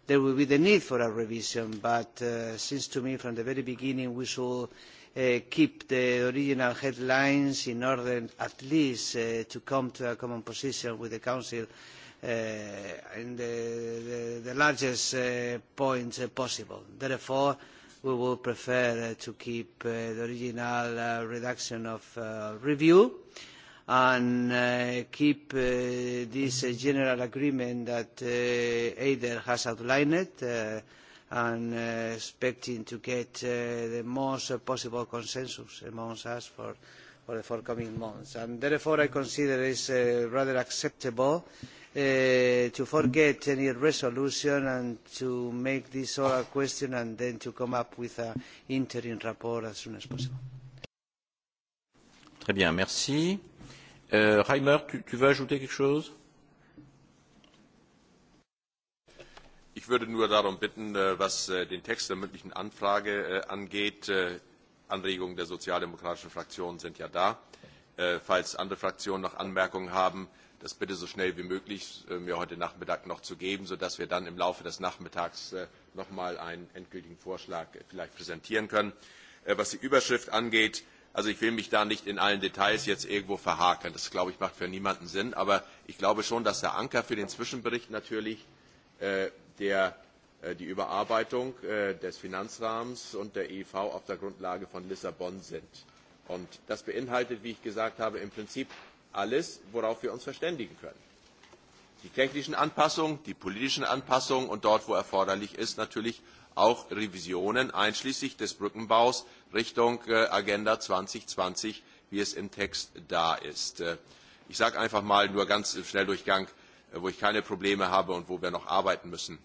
there will be the need for a revision, but it uh, seems to me from the very beginning we should uh, keep the original headlines in order at least uh, to come to a common position with the Council on in the, largest point possible. Therefore, we would prefer to keep the original reduction of review and uh, keep uh, this uh, general agreement that uh, eider has outlined uh, and uh, expecting to get the most possible consensus amongst us for, for the forthcoming months. And therefore i consider it rather acceptable to forget any resolution and to make this oral question and then to come up with an interim report as soon as possible. Très bien, merci Euh, Reimer, tu, tu veux ajouter quelque chose Ich würde nur darum bitten, äh, was äh, den Text der mündlichen Anfrage äh, angeht. Anregungen der sozialdemokratischen Fraktion sind ja da. Falls andere Fraktionen noch Anmerkungen haben, das bitte so schnell wie möglich mir heute Nachmittag noch zu geben, sodass wir dann im Laufe des Nachmittags noch mal einen endgültigen Vorschlag vielleicht präsentieren können. Was die Überschrift angeht, Also ich will mich da nicht in allen Details jetzt irgendwo verhaken. Das, glaube ich, macht für niemanden Sinn. Aber ich glaube schon, dass der Anker für den Zwischenbericht natürlich äh, der, äh, die Überarbeitung äh, des Finanzrahmens und der EV auf der Grundlage von Lissabon sind. Und das beinhaltet, wie ich gesagt habe, im Prinzip alles, worauf wir uns verständigen können. Die technischen Anpassungen, die politischen Anpassungen und dort, wo erforderlich ist, natürlich auch Revisionen einschließlich des Brückenbaus Richtung äh, Agenda 2020, wie es im Text da ist. Äh, ich sage einfach mal nur ganz im Schnelldurchgang, äh, wo ich keine Probleme habe und wo wir noch arbeiten müssen.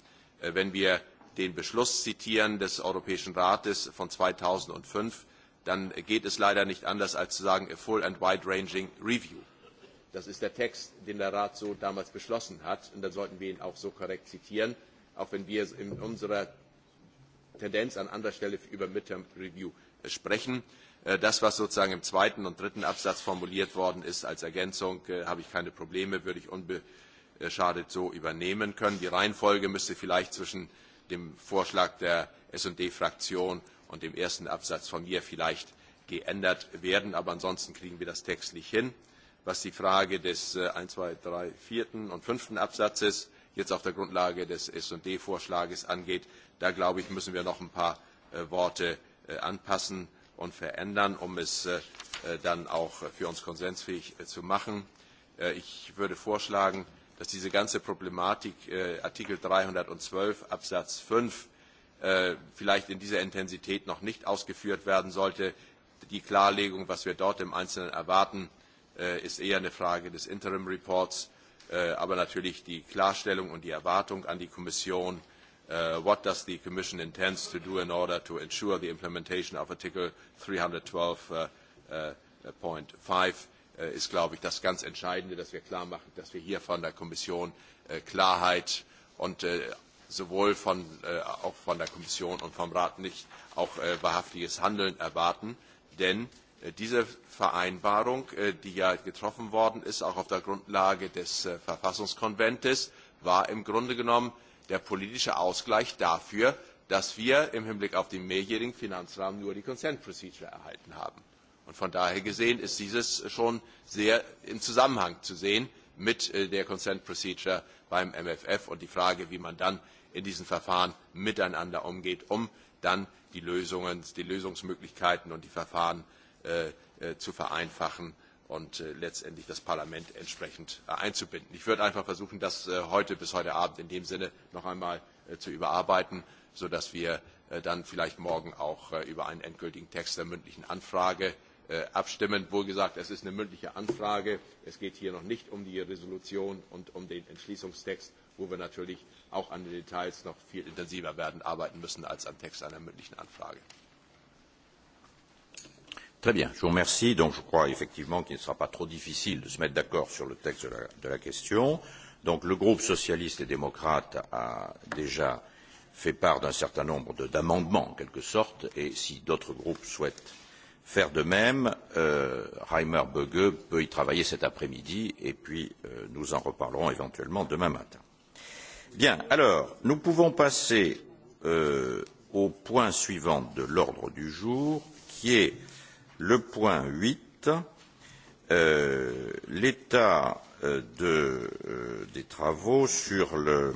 Wenn wir den Beschluss zitieren des Europäischen Rates von 2005, dann geht es leider nicht anders, als zu sagen, a full and wide-ranging review. Das ist der Text, den der Rat so damals beschlossen hat, und dann sollten wir ihn auch so korrekt zitieren, auch wenn wir in unserer Tendenz an anderer Stelle über Midterm Review äh, sprechen. Äh, das, was sozusagen im zweiten und dritten Absatz formuliert worden ist als Ergänzung, äh, habe ich keine Probleme, würde ich unbeschadet so übernehmen können. Die Reihenfolge müsste vielleicht zwischen dem Vorschlag der S&D-Fraktion und dem ersten Absatz von mir vielleicht geändert werden, aber ansonsten kriegen wir das textlich hin. Was die Frage des 1, 2, 3, 4. und 5. Absatzes jetzt auf der Grundlage des S&D-Vorschlages angeht, da, glaube ich, müssen wir noch ein paar äh, Worte äh, anpassen und verändern, um es äh, dann auch für uns konsensfähig zu machen. Ich würde vorschlagen, dass diese ganze Problematik Artikel 312 Absatz 5 vielleicht in dieser Intensität noch nicht ausgeführt werden sollte. Die Klarlegung, was wir dort im Einzelnen erwarten, ist eher eine Frage des Interim Reports. Aber natürlich die Klarstellung und die Erwartung an die Kommission Uh, what does the Commission intend to do in order to ensure the implementation of Artikel 312.5 äh, äh, äh, ist, glaube ich, das ganz Entscheidende, dass wir klar machen, dass wir hier von der Kommission äh, Klarheit und äh, sowohl von, äh, auch von der Kommission und vom Rat nicht auch wahrhaftiges Handeln erwarten. Denn diese Vereinbarung, die ja getroffen worden ist, auch auf der Grundlage des Verfassungskonventes, war im Grunde genommen der politische Ausgleich dafür, dass wir im Hinblick auf den mehrjährigen Finanzrahmen nur die Consent Procedure erhalten haben. Und von daher gesehen ist dieses schon sehr im Zusammenhang zu sehen mit äh, der Consent Procedure beim MFF und die Frage, wie man dann in diesen Verfahren miteinander umgeht, um dann die, Lösungen, die Lösungsmöglichkeiten und die Verfahren äh, äh, zu vereinfachen und äh, letztendlich das Parlament entsprechend äh, einzubinden. Ich würde einfach versuchen, das äh, heute bis heute Abend in dem Sinne noch einmal zu überarbeiten, sodass wir dann vielleicht morgen auch über einen endgültigen Text der mündlichen Anfrage abstimmen. Wohl es ist eine mündliche Anfrage. Es geht hier noch nicht um die Resolution und um den Entschließungstext, wo wir natürlich auch an den Details noch viel intensiver werden arbeiten müssen als am Text einer mündlichen Anfrage. Très bien, je vous remercie. Donc je crois effectivement qu'il ne sera pas trop difficile de se mettre d'accord sur le texte de la, de la question. Donc le groupe socialiste et démocrate a déjà fait part d'un certain nombre d'amendements en quelque sorte et si d'autres groupes souhaitent faire de même, euh, Reimer Böge peut y travailler cet après-midi et puis euh, nous en reparlerons éventuellement demain matin. Bien, alors nous pouvons passer euh, au point suivant de l'ordre du jour qui est le point huit euh, l'état euh, de, euh, des travaux sur le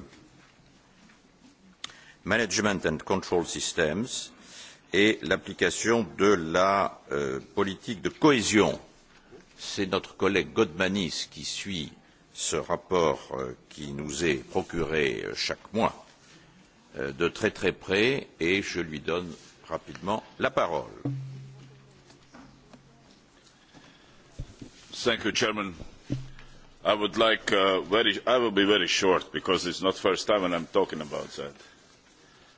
management and control systems et l'application de la euh, politique de cohésion. C'est notre collègue Godmanis qui suit ce rapport euh, qui nous est procuré euh, chaque mois euh, de très très près et je lui donne rapidement la parole. Thank you, Chairman. I would like uh, very, I will be very short because it's not first time and I'm talking about that.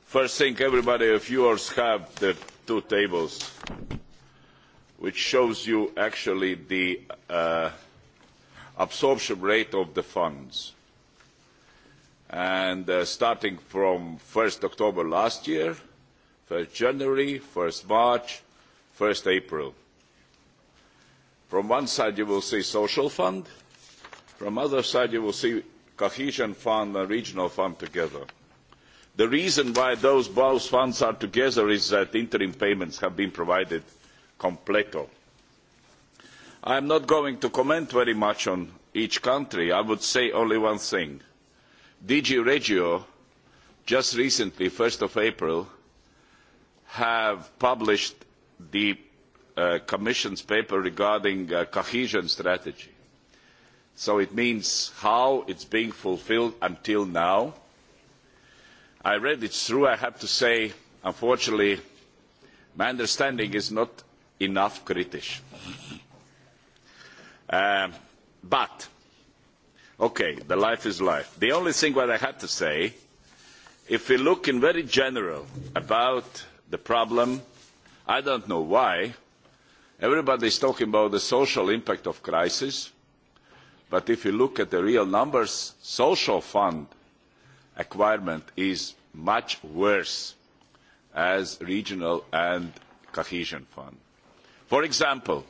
First thing, everybody of yours have the two tables, which shows you actually the uh, absorption rate of the funds. And uh, starting from 1 October last year, 1 January, 1 March, 1 April From one side you will see social fund, from other side you will see cohesion fund and regional fund together. The reason why those both funds are together is that interim payments have been provided completo. I am not going to comment very much on each country. I would say only one thing. DG Regio just recently, 1st of April, have published the Uh, Commission's paper regarding uh, cohesion strategy. So it means how it's being fulfilled until now. I read it through. I have to say, unfortunately, my understanding is not enough British. Um, but, okay, the life is life. The only thing what I have to say, if we look in very general about the problem, I don't know why, Everybody is talking about the social impact of crisis, but if you look at the real numbers, social fund acquirement is much worse as regional and cohesion fund. For example,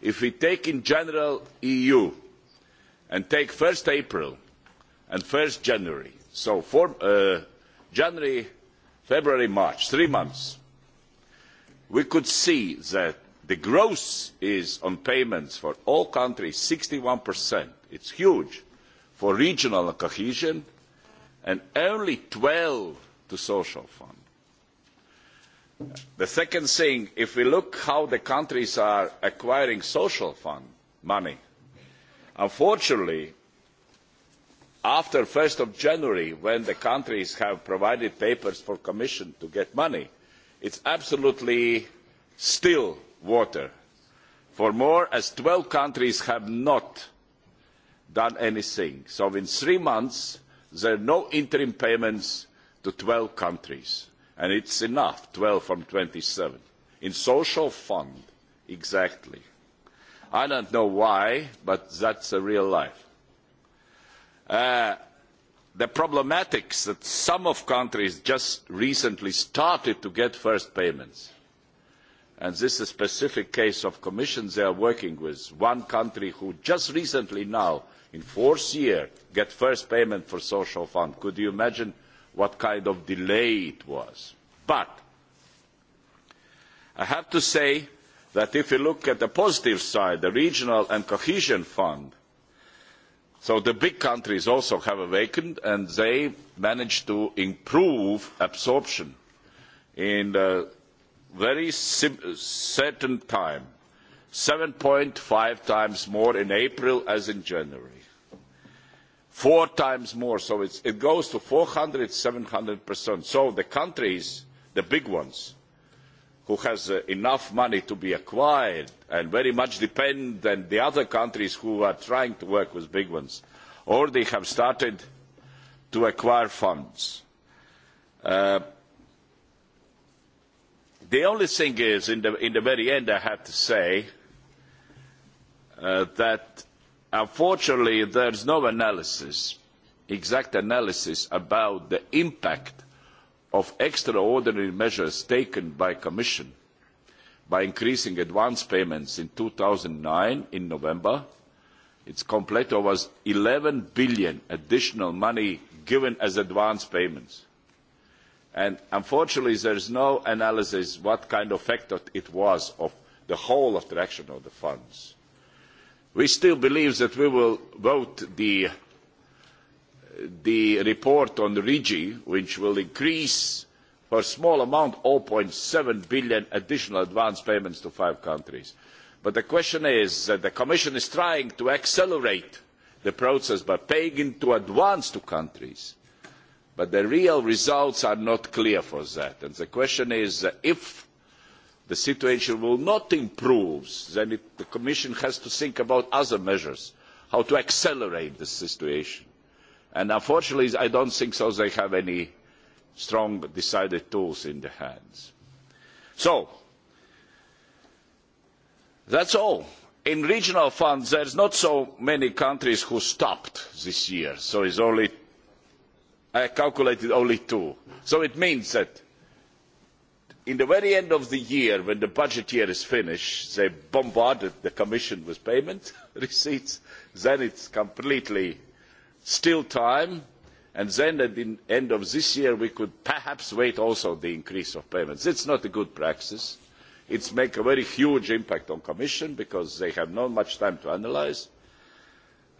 if we take in general EU and take 1st April and 1st January, so for, uh, January, February, March, three months, we could see that The growth is on payments for all countries 61%. It's huge for regional cohesion and only 12 to social fund. The second thing, if we look how the countries are acquiring social fund money, unfortunately, after 1st of January, when the countries have provided papers for Commission to get money, it's absolutely still water. For more as 12 countries have not done anything. So in three months, there are no interim payments to 12 countries. And it's enough, 12 from 27. In social fund, exactly. I don't know why, but that's a real life. Uh, the problematics that some of countries just recently started to get first payments and this is a specific case of commission they are working with, one country who just recently now, in fourth year, get first payment for social fund. Could you imagine what kind of delay it was? But I have to say that if you look at the positive side, the regional and cohesion fund, so the big countries also have awakened and they managed to improve absorption in the very uh, certain time, 7.5 times more in April as in January. Four times more, so it's, it goes to 400, 700%. So the countries, the big ones, who has uh, enough money to be acquired and very much depend on the other countries who are trying to work with big ones, already have started to acquire funds. Uh, The only thing is, in the, in the very end, I have to say uh, that unfortunately there's no analysis, exact analysis about the impact of extraordinary measures taken by Commission by increasing advance payments in 2009 in November. Its completo was 11 billion additional money given as advance payments And unfortunately, there is no analysis what kind of factor it was of the whole of the action of the funds. We still believe that we will vote the, the report on RIGI, which will increase for a small amount, 0.7 billion additional advance payments to five countries. But the question is that the Commission is trying to accelerate the process by paying into advance to countries But the real results are not clear for that. And the question is, uh, if the situation will not improve, then it, the Commission has to think about other measures, how to accelerate the situation. And unfortunately, I don't think so they have any strong, decided tools in their hands. So, that's all. In regional funds, there's not so many countries who stopped this year, so it's only I calculated only two. So it means that in the very end of the year, when the budget year is finished, they bombarded the Commission with payment *laughs* receipts. Then it's completely still time. And then at the end of this year, we could perhaps wait also the increase of payments. It's not a good practice. It's make a very huge impact on Commission because they have not much time to analyse.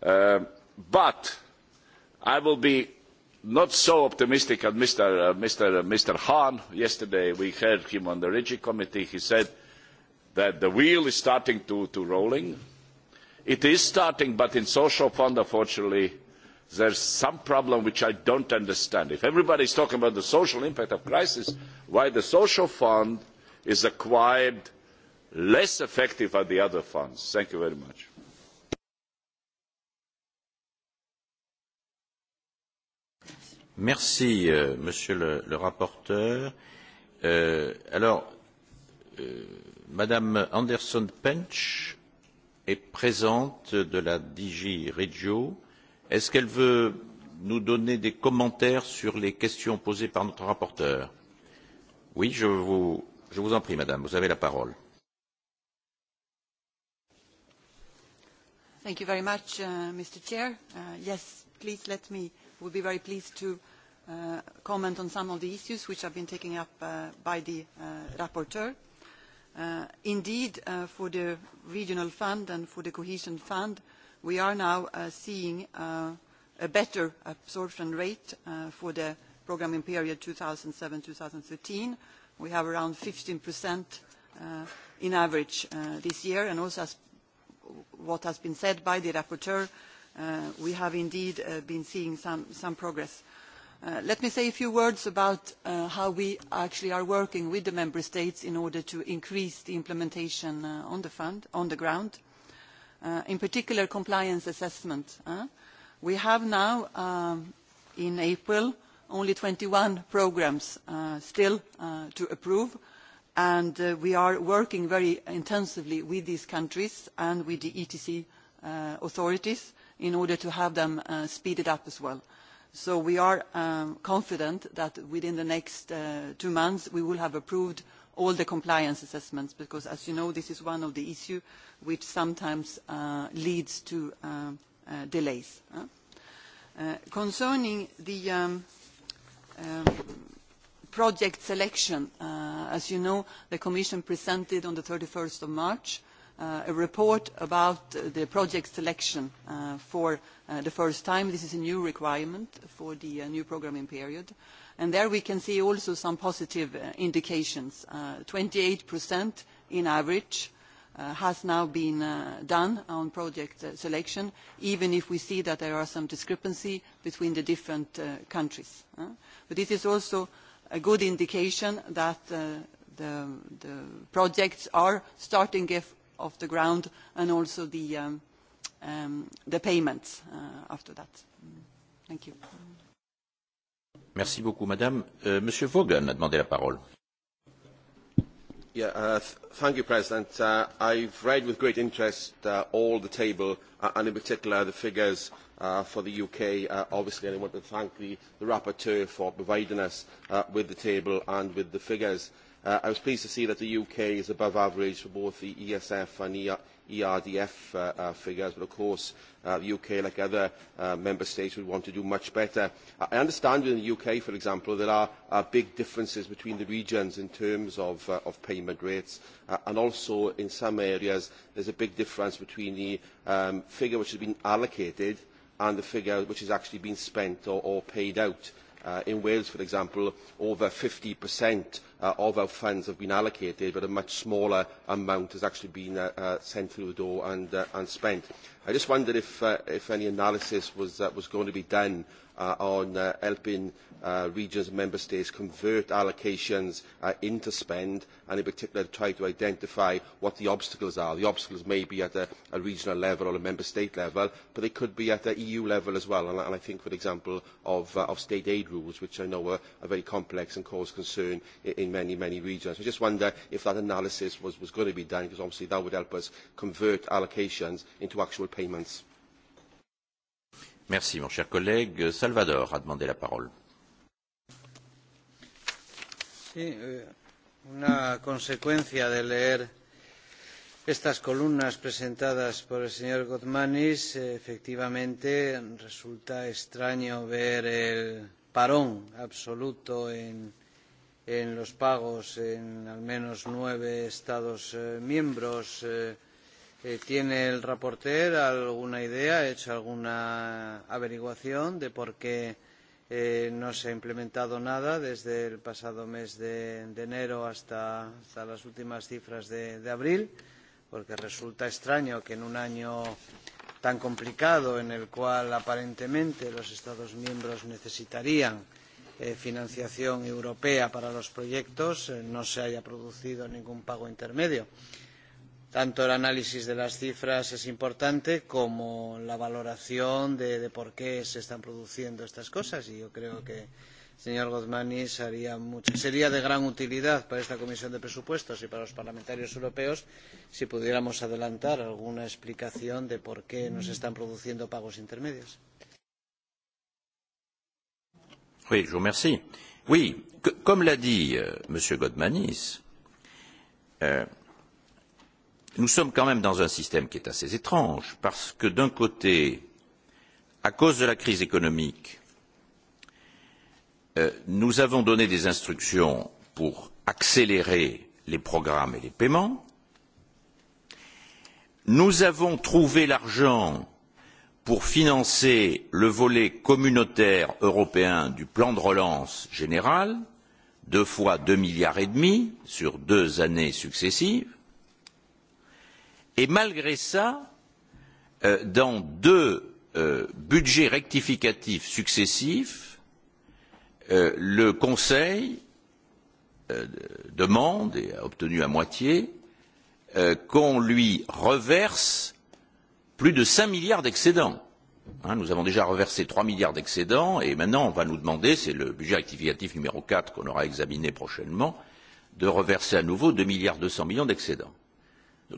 Uh, but I will be not so optimistic as Mr. Uh, Mr. Uh, Mr. Hahn. Yesterday we heard him on the RIGI committee. He said that the wheel is starting to, to rolling. It is starting, but in social fund, unfortunately, there's some problem which I don't understand. If everybody is talking about the social impact of crisis, why the social fund is acquired less effective than the other funds? Thank you very much. Merci, euh, monsieur le, le rapporteur. Euh, alors, euh, Madame Anderson Pench est présente de la DG Regio. Est-ce qu'elle veut nous donner des commentaires sur les questions posées par notre rapporteur Oui, je vous, je vous en prie, Madame, vous avez la parole. Thank you very much, uh, Mr. Chair. Uh, yes, please let me will be very pleased to uh, comment on some of the issues which have been taken up uh, by the uh, rapporteur. Uh, indeed, uh, for the regional fund and for the cohesion fund, we are now seeing a better absorption rate for the programming period 2007-2013. We have around 15% in average this year, and also as what has been said by the rapporteur, Uh, we have indeed uh, been seeing some, some progress. Uh, let me say a few words about how we actually are working with the member states in order to increase the implementation on the fund, on the ground. in particular, compliance assessment. we have now, um, in April, only 21 programmes uh, still uh, to approve and uh, we are working very intensively with these countries and with the ETC authorities in order to have them uh, speeded up as well. So we are um, confident that within the next uh, two months we will have approved all the compliance assessments because, as you know, this is one of the issues which sometimes uh, leads to uh, uh delays. Uh, concerning the um, um project selection, uh, as you know, the Commission presented on the 31st of March Uh, a report about uh, the project selection uh, for uh, the first time. This is a new requirement for the uh, new programming period. And there we can see also some positive uh, indications. 28% uh, in average uh, has now been uh, done on project uh, selection, even if we see that there are some discrepancy between the different uh, countries. Uh, But this is also a good indication that uh, the, the projects are starting to get of the ground and also the, um, um, the payments uh, after that. Mm. Thank you. Merci beaucoup, Madame. Uh, Monsieur Vaughan a demandé la parole. Yeah, uh, thank you, President. Uh, I've read with great interest uh, all the table uh, and in particular the figures uh, for the UK. Uh, obviously, I want to thank the, the rapporteur for providing us uh, with the table and with the figures. Uh, Uh, I was pleased to see that the UK is above average for both the ESF and ERDF uh, uh, figures, but of course uh, the UK, like other uh, member states, would want to do much better. I understand in the UK, for example, there are uh, big differences between the regions in terms of, uh, of payment rates, uh, and also in some areas there's a big difference between the um, figure which has been allocated and the figure which has actually been spent or, or paid out. Uh, in Wales, for example, over 50% uh, of our funds have been allocated, but a much smaller amount has actually been uh, uh, sent through the door and, uh, and spent. I just wondered if, uh, if any analysis was, uh, was going to be done uh, on uh, helping uh, regions and member states convert allocations uh, into spend and in particular try to identify what the obstacles are. The obstacles may be at a, a regional level or a member state level, but they could be at the EU level as well. And, and I think, for example, of, uh, of state aid rules, which I know are, are very complex and cause concern in, in many, many regions. I just wonder if that analysis was, was going to be done, because obviously that would help us convert allocations into actual payments. Merci, mon cher collègue. Salvador a demandé la parole. Sí, eh, una consecuencia de leer estas columnas presentadas por el señor Gozmanis, efectivamente resulta extraño ver el parón absoluto en, en los pagos en al menos nueve Estados eh, miembros. Eh, Eh, ¿Tiene el reporter alguna idea, ha hecho alguna averiguación de por qué eh, no se ha implementado nada desde el pasado mes de, de enero hasta, hasta, las últimas cifras de, de, abril? Porque resulta extraño que en un año tan complicado en el cual aparentemente los Estados miembros necesitarían eh, financiación europea para los proyectos eh, no se haya producido ningún pago intermedio. Eh, tanto el análisis de las cifras es importante como la valoración de, de por qué se están produciendo estas cosas y yo creo que señor Gozmani haría mucho, sería de gran utilidad para esta comisión de presupuestos y para los parlamentarios europeos si pudiéramos adelantar alguna explicación de por qué nos están produciendo pagos intermedios. Oui, je vous remercie. Oui, que, comme l'a dit euh, M. Godmanis, euh, nous sommes quand même dans un système qui est assez étrange parce que d'un côté, à cause de la crise économique, euh, nous avons donné des instructions pour accélérer les programmes et les paiements. Nous avons trouvé l'argent pour financer le volet communautaire européen du plan de relance général, deux fois deux milliards et demi sur deux années successives Et malgré cela euh, dans deux euh, budgets rectificatifs successifs, euh, le Conseil demande et a obtenu à moitié qu'on lui reverse plus de cinq milliards d'excédents. Hein, nous avons déjà reversé trois milliards d'excédents et maintenant on va nous demander, c'est le budget rectificatif numéro quatre qu'on aura examiné prochainement, de reverser à nouveau deux milliards deux cents millions d'excédents.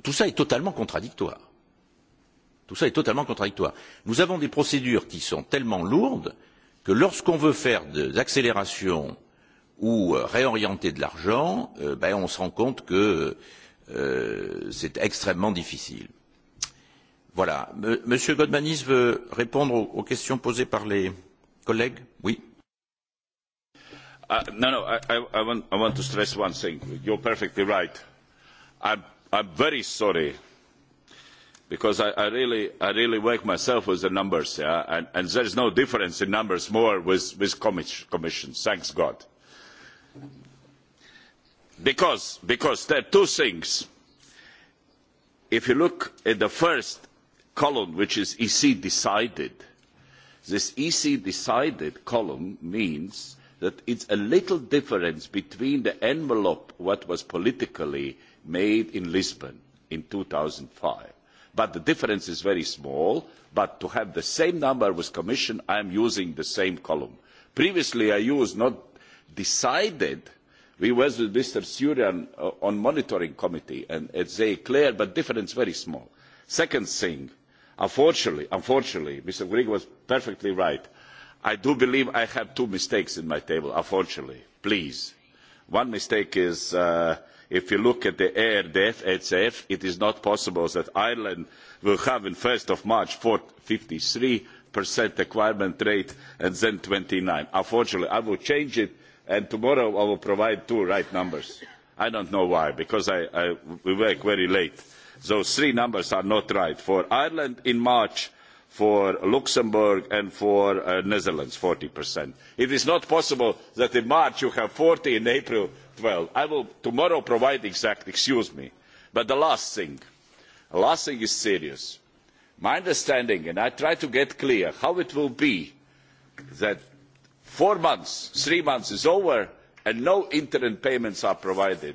Tout ça est totalement contradictoire. Tout ça est totalement contradictoire. Nous avons des procédures qui sont tellement lourdes que lorsqu'on veut faire des accélérations ou euh, réorienter de l'argent, euh, ben on se rend compte que euh, c'est extrêmement difficile. Voilà. M Monsieur Godmanis veut répondre aux, aux questions posées par les collègues Oui. Uh, no, no, I, I, I, want, I want to stress one thing. You're perfectly right. I'm I'm very sorry because I, I, really, I really work myself with the numbers, yeah? and, and there is no difference in numbers more with, with Commission, thanks God. Because, because there are two things. If you look at the first column, which is EC decided, this EC decided column means that it's a little difference between the envelope, what was politically made in Lisbon in 2005. But the difference is very small, but to have the same number with Commission, I am using the same column. Previously, I used not decided. We were with Mr. Surian uh, on monitoring committee, and it's very clear, but difference very small. Second thing, unfortunately, unfortunately, Mr. Grieg was perfectly right. I do believe I have two mistakes in my table, unfortunately. Please. One mistake is... Uh, if you look at the air, death hcf it is not possible that ireland will have on one march fifty three acquirement rate and then twenty nine unfortunately i will change it and tomorrow i will provide two right numbers i don't know why because I, I, we work very late those three numbers are not right for ireland in march for Luxembourg and for uh, Netherlands, 40%. It is not possible that in March you have 40, in April 12. I will tomorrow provide exact, excuse me. But the last thing, the last thing is serious. My understanding, and I try to get clear how it will be that four months, three months is over and no interim payments are provided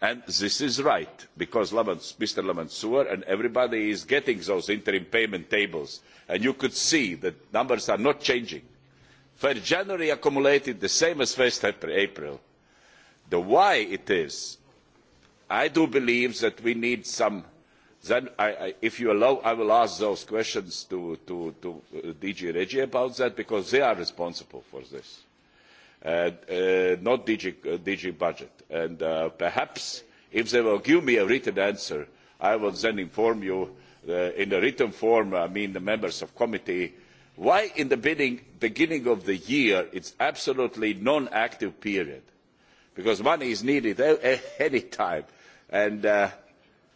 and this is right because mr lamassoure and everybody is getting those interim payment tables and you could see that numbers are not changing. For january accumulated the same as first april. the why it is i do believe that we need some then I, I, if you allow i will ask those questions to, to, to uh, dg regi about that because they are responsible for this Uh, uh, not DG, uh, DG budget. And perhaps if they will give me a written answer, I will then inform you in a written form, I mean the members of committee, why in the beginning, beginning of the year it's absolutely non-active period because money is needed any time. And uh,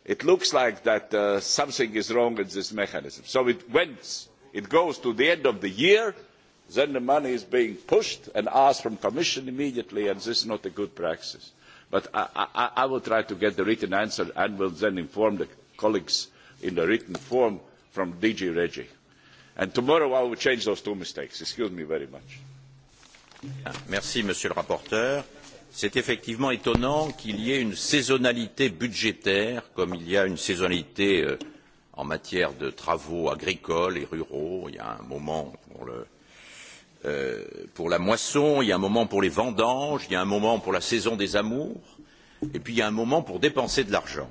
it looks like that uh, something is wrong with this mechanism. So it, went, it goes to the end of the year then the money is being pushed and asked from Commission immediately, and this is not a good practice. But I, I, I will try to get the written answer and will then inform the colleagues in the written form from DG Regi. And tomorrow I will change those two mistakes. Excuse me very much. Merci, Monsieur le rapporteur. C'est effectivement étonnant qu'il y ait une saisonnalité budgétaire, comme il y a une saisonnalité euh, en matière de travaux agricoles et ruraux. Il y a un moment pour le, Euh, pour la moisson, il y a un moment pour les vendanges, il y a un moment pour la saison des amours, et puis il y a un moment pour dépenser de l'argent.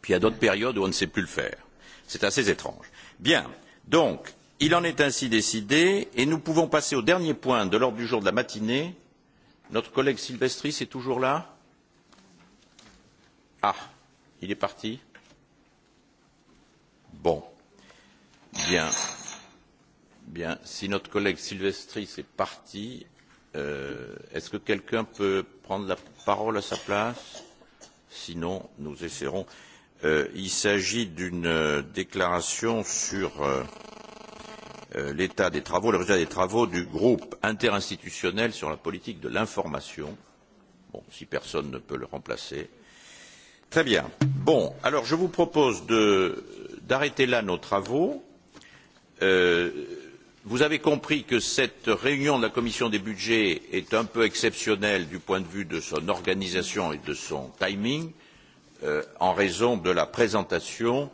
Puis il y a d'autres périodes où on ne sait plus le faire. C'est assez étrange. Bien, donc, il en est ainsi décidé, et nous pouvons passer au dernier point de l'ordre du jour de la matinée. Notre collègue Silvestris est toujours là Ah, il est parti Bon. Bien. Bien, si notre collègue Silvestris est parti, euh, est-ce que quelqu'un peut prendre la parole à sa place Sinon, nous essaierons. Euh, il s'agit d'une euh, déclaration sur euh, euh, l'état des travaux, le résultat des travaux du groupe interinstitutionnel sur la politique de l'information. Bon, si personne ne peut le remplacer. Très bien. Bon, alors je vous propose d'arrêter là nos travaux. Euh, Vous avez compris que cette réunion de la commission des budgets est un peu exceptionnelle du point de vue de son organisation et de son timing euh, en raison de la présentation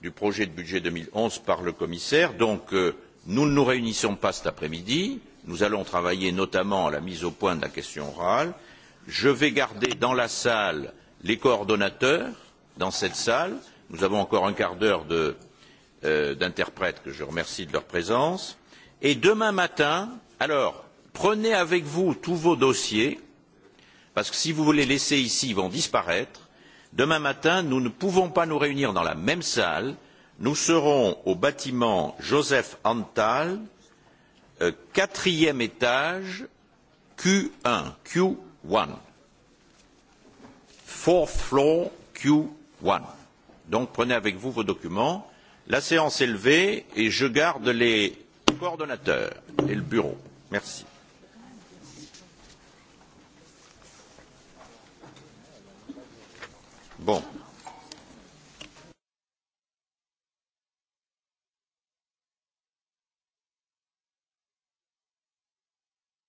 du projet de budget 2011 par le commissaire. Donc euh, nous ne nous réunissons pas cet après-midi. Nous allons travailler notamment à la mise au point de la question orale. Je vais garder dans la salle les coordonnateurs, dans cette salle. Nous avons encore un quart d'heure euh, d'interprètes euh, que je remercie de leur présence Et demain matin, alors, prenez avec vous tous vos dossiers, parce que si vous voulez laisser ici, ils vont disparaître. Demain matin, nous ne pouvons pas nous réunir dans la même salle. Nous serons au bâtiment Joseph Antal, euh, quatrième euh, étage, Q1, Q1. Fourth floor, Q1. Donc prenez avec vous vos documents. La séance est levée et je garde les coordonnateur et le bureau. Merci. Bon.